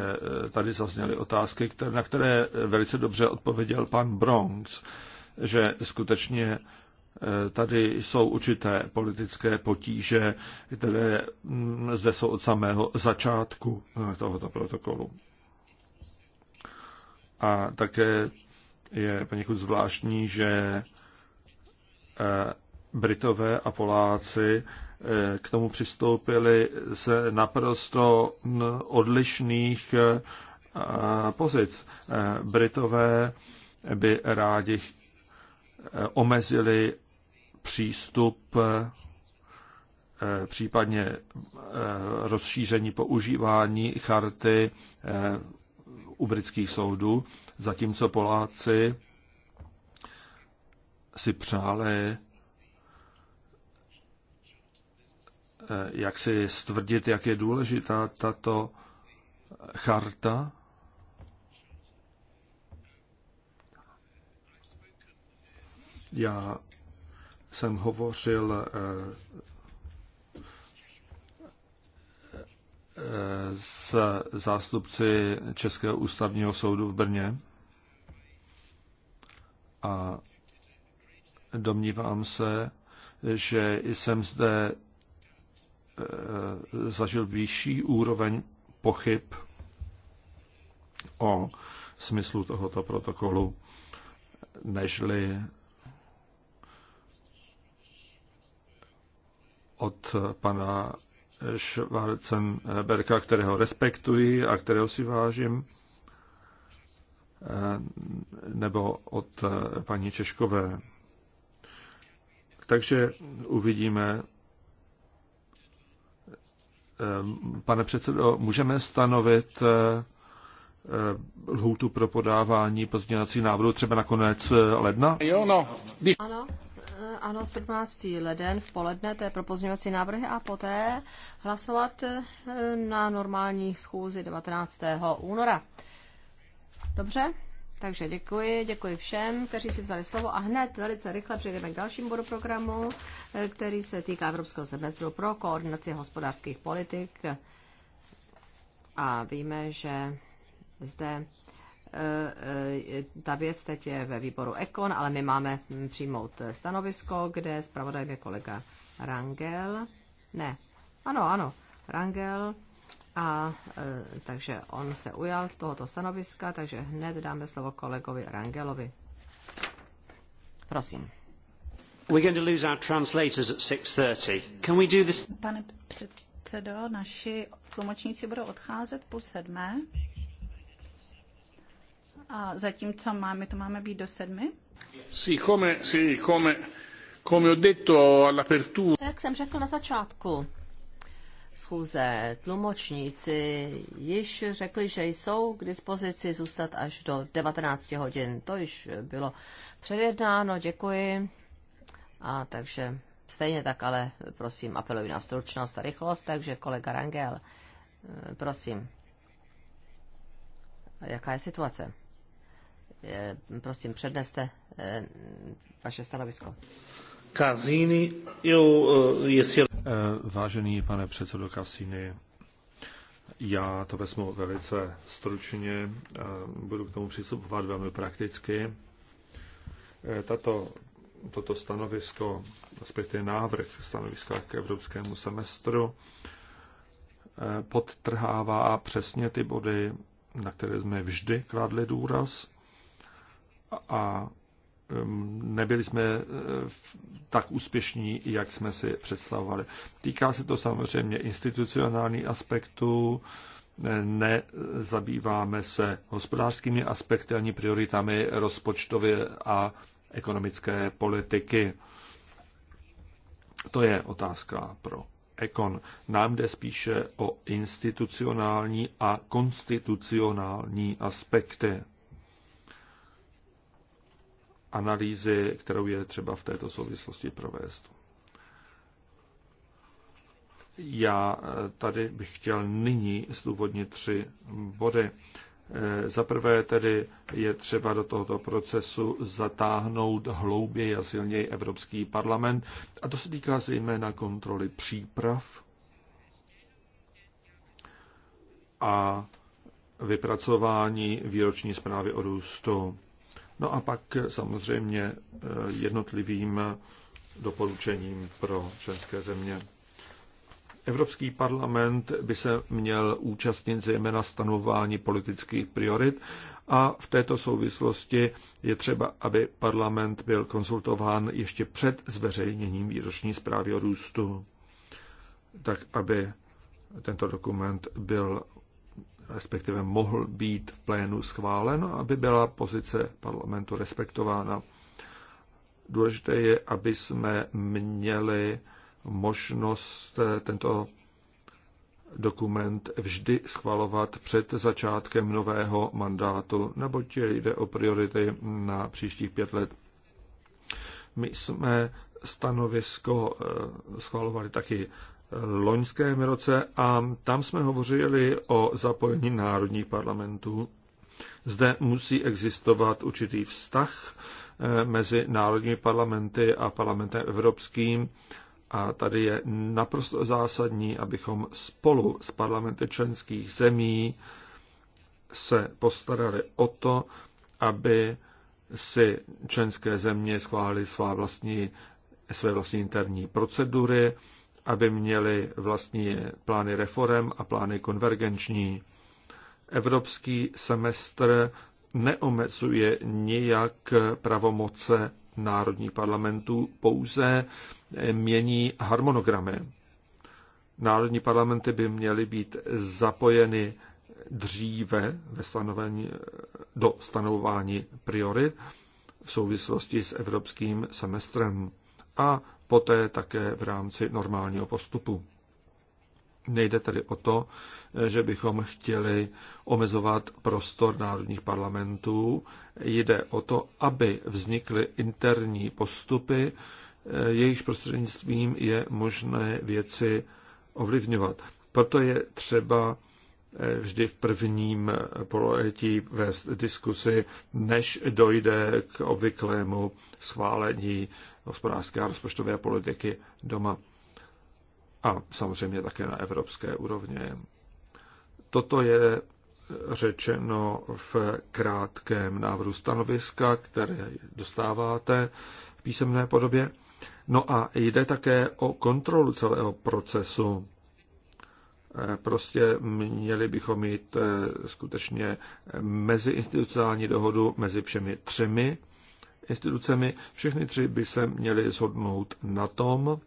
eh, tady zazněly otázky, na které velice dobře odpověděl pan Bronx, že skutečně eh, tady jsou určité politické potíže, které mm, zde jsou od samého začátku tohoto protokolu. A také je poněkud zvláštní, že Britové a Poláci Eh, k tomu přistoupili z naprosto odlišných eh, pozic. Eh, Britové by rádi omezili přístup, případně rozšíření používání charty u britských soudů, zatímco Poláci si přáli Eh, jak si stvrdit, jak je důležitá tato charta. Já jsem hovořil eh, eh, s zástupci Českého ústavního soudu v Brně a domnívám se, že jsem zde zažil vyšší úroveň pochyb o smyslu tohoto protokolu, nežli od pana Schwarzenberka, kterého respektuji a kterého si vážím, nebo od paní Češkové. Takže uvidíme, Ehm, pane předsedo, můžeme stanovit eh, eh, lhůtu pro podávání pozměňovacích návrhů třeba na konec eh, ledna? Jo, no. Ano, ano, 17. leden v poledne, to je pro pozměňovací návrhy a poté hlasovat na normální schůzi 19. února. Dobře? Takže děkuji, děkuji všem, kteří si vzali slovo a hned velice rychle přejdeme k dalšímu bodu programu, eh, který se týká Evropského semestru pro koordinaci hospodářských politik. A víme, že zde eh, eh, ta věc teď je ve výboru Ekon, ale my máme hm, přijmout stanovisko, kde zpravodaj je kolega Rangel. Ne, ano, ano, Rangel a e, takže on se ujal tohoto stanoviska, takže hned dáme slovo kolegovi Rangelovi. Prosím. We're going to lose our translators at 6.30. Can we do this? Pane předsedo, naši tlumočníci budou odcházet půl sedmé. A zatímco máme, to máme být do sedmi? Sì, come, sì, come, come ho detto all'apertura. Jak jsem řekl na začátku, schůze tlumočníci již řekli, že jsou k dispozici zůstat až do 19 hodin. To již bylo předjednáno, děkuji. A takže stejně tak, ale prosím, apeluji na stručnost a rychlost, takže kolega Rangel, eh, prosím. Jaká je situace? Prosím, předneste eh, vaše stanovisko. Kazíny, jo, jestli... Eh, vážený pane předsedo Kasiny, já to vezmu velice stručně, eh, budu k tomu přistupovat velmi prakticky. Eh, tato, toto stanovisko, respektive návrh stanoviska k evropskému semestru, podtrhává přesně ty body, na které jsme vždy kladli důraz a Ehm, nebyli jsme eh, tak úspěšní, jak jsme si představovali. Týká se to samozřejmě institucionální aspektu, eh, nezabýváme se hospodářskými aspekty ani prioritami rozpočtově a ekonomické politiky. To je otázka pro Ekon. Nám jde spíše o institucionální a konstitucionální aspekty analýzy, kterou je třeba v této souvislosti provést. Já eh, tady bych chtěl nyní zdůvodnit tři body. Eh, za prvé tedy je třeba do tohoto procesu zatáhnout hlouběji a silněji Evropský parlament. A to se týká zejména kontroly příprav a vypracování výroční zprávy o růstu. No a pak samozřejmě eh, jednotlivým doporučením pro členské země. Evropský parlament by se měl účastnit zejména stanování politických priorit a v této souvislosti je třeba, aby parlament byl konsultován ještě před zveřejněním výroční zprávy o růstu, tak aby tento dokument byl respektive mohl být v plénu schválen, aby byla pozice parlamentu respektována. Důležité je, aby jsme měli možnost eh, tento dokument vždy schvalovat před začátkem nového mandátu, neboť jde o priority na příštích pět let. My jsme stanovisko eh, schvalovali taky loňském roce a tam jsme hovořili o zapojení národních parlamentů. Zde musí existovat určitý vztah eh, mezi národními parlamenty a parlamentem evropským a tady je naprosto zásadní, abychom spolu s parlamenty členských zemí se postarali o to, aby si členské země schválili své vlastní, své vlastní interní procedury, aby měli vlastní plány reform a plány konvergenční. Evropský semestr neomezuje nijak pravomoce národních parlamentů, pouze mění harmonogramy. Národní parlamenty by měly být zapojeny dříve ve stanovení, do stanovování priorit v souvislosti s evropským semestrem. A poté také v rámci normálního postupu. Nejde tedy o to, že bychom chtěli omezovat prostor národních parlamentů. Jde o to, aby vznikly interní postupy, jejichž prostřednictvím je možné věci ovlivňovat. Proto je třeba eh, vždy v prvním pololetí vést diskusy, než dojde k obvyklému schválení hospodářské a rozpočtové politiky doma a samozřejmě také na evropské úrovni. Toto je řečeno v krátkém návrhu stanoviska, které dostáváte v písemné podobě. No a jde také o kontrolu celého procesu. Prostě měli bychom mít skutečně meziinstitucionální dohodu mezi všemi třemi institucemi. Všechny tři by se měly shodnout na tom,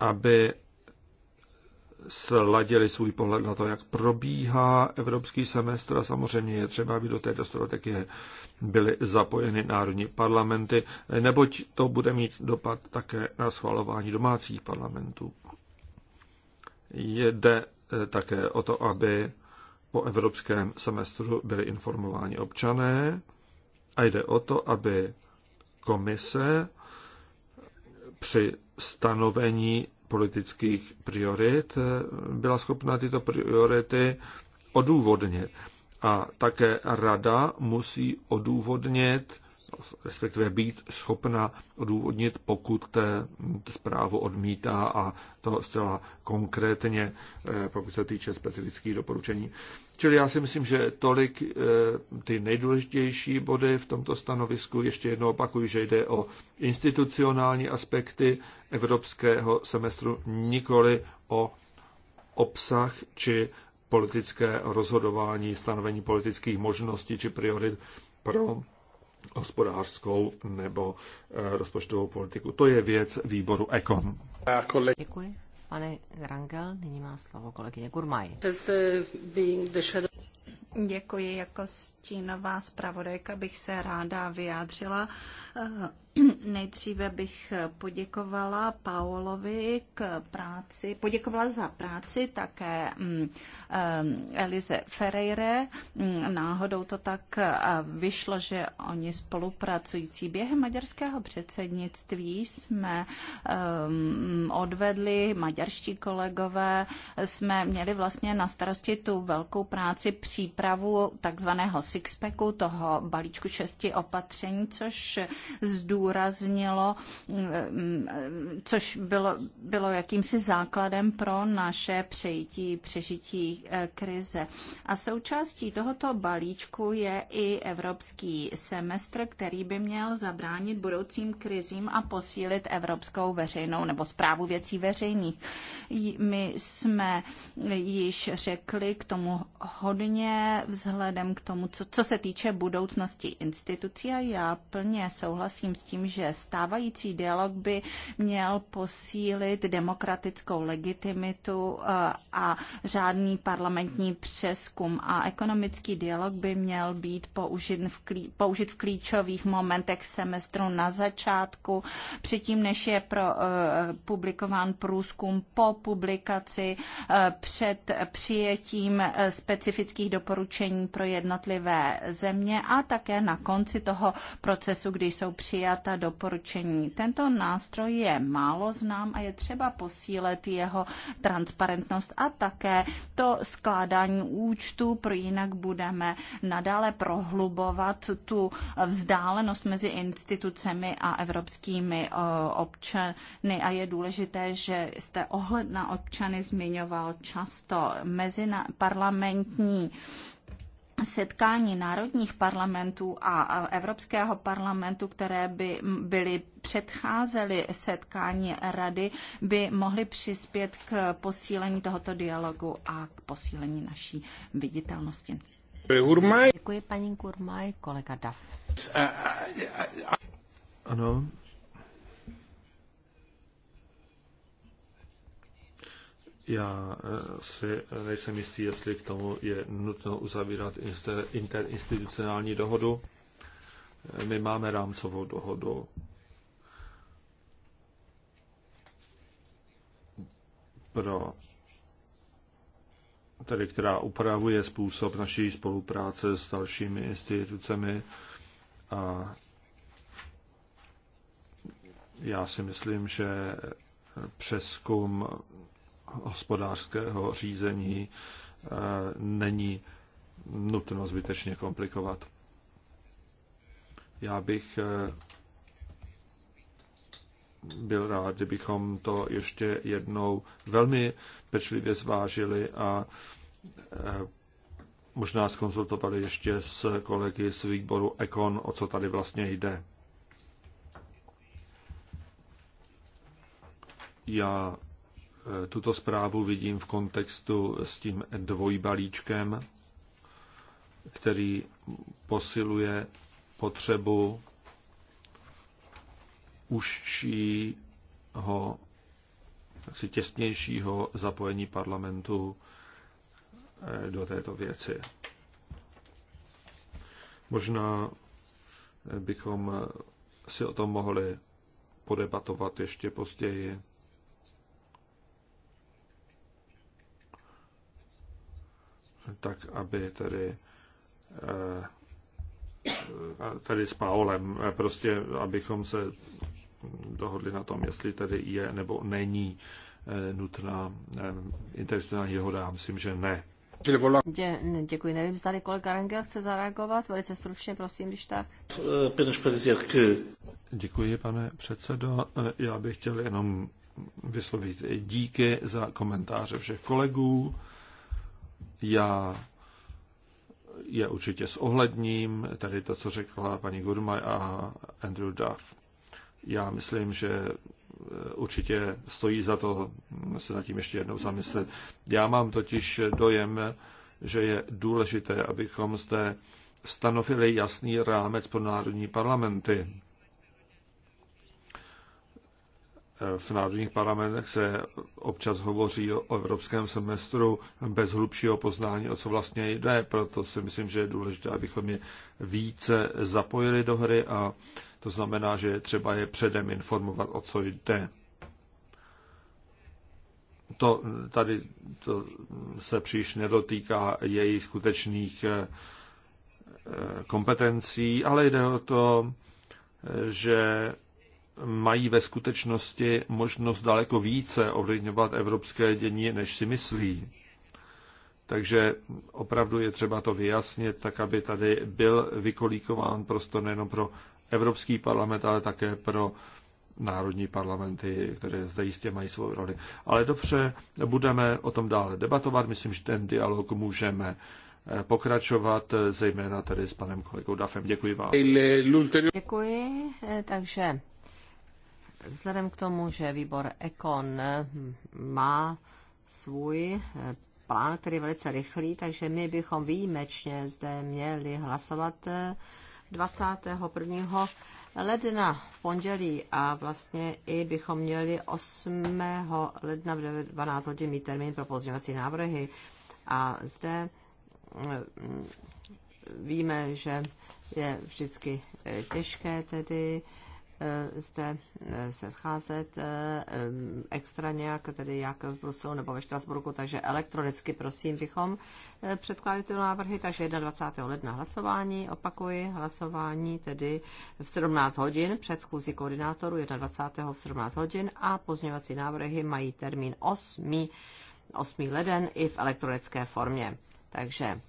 aby sladili svůj pohled na to, jak probíhá evropský semestr a samozřejmě je třeba, aby do této strategie byly zapojeny národní parlamenty, neboť to bude mít dopad také na schvalování domácích parlamentů. Jde eh, také o to, aby o evropském semestru byli informováni občané a jde o to, aby komise při stanovení politických priorit byla schopna tyto priority odůvodnit. A také rada musí odůvodnit respektive být schopna odůvodnit, pokud zprávu odmítá a to zcela konkrétně, eh, pokud se týče specifických doporučení. Čili já si myslím, že tolik eh, ty nejdůležitější body v tomto stanovisku. Ještě jednou opakuju, že jde o institucionální aspekty evropského semestru, nikoli o obsah či politické rozhodování, stanovení politických možností či priorit pro hospodářskou nebo eh, rozpočtovou politiku. To je věc výboru EKON. Děkuji. Pane Rangel, nyní má slovo kolegyně Gurmaj. Děkuji. Jako stínová zpravodajka bych se ráda vyjádřila eh, [CLEARS THROAT] Nejdříve bych poděkovala Paolovi k práci, poděkovala za práci také mm, Elize Ferreire. Mm, náhodou to tak vyšlo, že oni spolupracující během maďarského předsednictví jsme odvedli, maďarští kolegové, jsme měli vlastně na starosti tu velkou práci přípravu takzvaného sixpacku, toho balíčku šesti opatření, což zdůvodňuje zdůraznilo, což bylo, bylo jakýmsi základem pro naše přejití, přežití eh, krize. A součástí tohoto balíčku je i evropský semestr, který by měl zabránit budoucím krizím a posílit evropskou veřejnou nebo zprávu věcí veřejných. My jsme již řekli k tomu hodně vzhledem k tomu, co, co se týče budoucnosti institucí a já plně souhlasím s tím, že stávající dialog by měl posílit demokratickou legitimitu eh, a řádný parlamentní přeskum a ekonomický dialog by měl být použit v, klí, použit v klíčových momentech semestru na začátku, předtím, než je pro, uh, publikován průzkum po publikaci, uh, před přijetím uh, specifických doporučení pro jednotlivé země a také na konci toho procesu, kdy jsou přijat data doporučení. Tento nástroj je málo znám a je třeba posílit jeho transparentnost a také to skládání účtu, pro jinak budeme nadále prohlubovat tu vzdálenost mezi institucemi a evropskými eh, občany a je důležité, že jste ohled na občany zmiňoval často. Mezi parlamentní setkání národních parlamentů a Evropského parlamentu, které by byly předcházely setkání rady, by mohly přispět k posílení tohoto dialogu a k posílení naší viditelnosti. Děkuji paní Kurmaj, kolega Daf. Ano, Já eh, si nejsem jistý, jestli k tomu je nutno uzavírat interinstitucionální dohodu. Eh, my máme rámcovou dohodu. pro tedy která upravuje způsob naší spolupráce s dalšími institucemi a já si myslím, že přeskum hospodářského řízení eh, není nutno zbytečně komplikovat. Já bych eh, byl rád, kdybychom to ještě jednou velmi pečlivě zvážili a eh, možná skonzultovali ještě s kolegy z výboru Ekon, o co tady vlastně jde. Já tuto zprávu vidím v kontextu s tím dvojbalíčkem, který posiluje potřebu užšího, jaksi těsnějšího zapojení parlamentu eh, do této věci. Možná eh, bychom eh, si o tom mohli podebatovat ještě později tak aby tedy eh, tady s Paolem, eh, prostě abychom se dohodli na tom, jestli tady je nebo není eh, nutná interinstitucionální dohoda. Já myslím, že ne. Dě, děkuji, nevím, zda kolega Rangel chce zareagovat, velice stručně, prosím, když tak. Děkuji, pane předsedo. Já bych chtěl jenom vyslovit díky za komentáře všech kolegů já je určitě s ohledním, tady to, co řekla paní Gurmaj a Andrew Duff. Já myslím, že eh, určitě stojí za to se nad tím ještě jednou zamyslet. Já mám totiž dojem, že je důležité, abychom zde stanovili jasný rámec pro národní parlamenty. v národních parlamentech se občas hovoří o evropském semestru bez hlubšího poznání, o co vlastně jde, proto si myslím, že je důležité, abychom je více zapojili do hry a to znamená, že třeba je předem informovat, o co jde. To tady to se příliš nedotýká jejich skutečných eh, eh, kompetencí, ale jde o to, eh, že mají ve skutečnosti možnost daleko více ovlivňovat evropské dění, než si myslí. Takže opravdu je třeba to vyjasnit, tak aby tady byl vykolíkován prostor nejen pro Evropský parlament, ale také pro národní parlamenty, které zde jistě mají svou roli. Ale dobře, budeme o tom dále debatovat. Myslím, že ten dialog můžeme eh, pokračovat, eh, zejména tady s panem kolegou Dafem. Děkuji vám. Děkuji, eh, takže Vzhledem k tomu, že výbor Ekon má svůj eh, plán, který je velice rychlý, takže my bychom výjimečně zde měli hlasovat 21. Eh, ledna v pondělí a vlastně i bychom měli 8. ledna v 12 hodin mít termín pro pozdějovací návrhy. A zde eh, víme, že je vždycky těžké tedy jste eh, eh, se scházet eh, extra nějak, tedy jak v Bruselu nebo ve Štrasburku, takže elektronicky prosím bychom předkládali ty návrhy, takže 21. ledna hlasování, opakuji, hlasování tedy v 17 hodin před schůzí koordinátorů 21. v 17 hodin a pozměňovací návrhy mají termín 8. 8. leden i v elektronické formě. Takže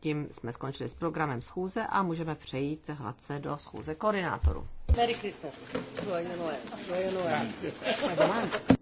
tím jsme skončili s programem schůze a můžeme přejít hladce do schůze koordinátorů. Merry Christmas. Joyeux Noël.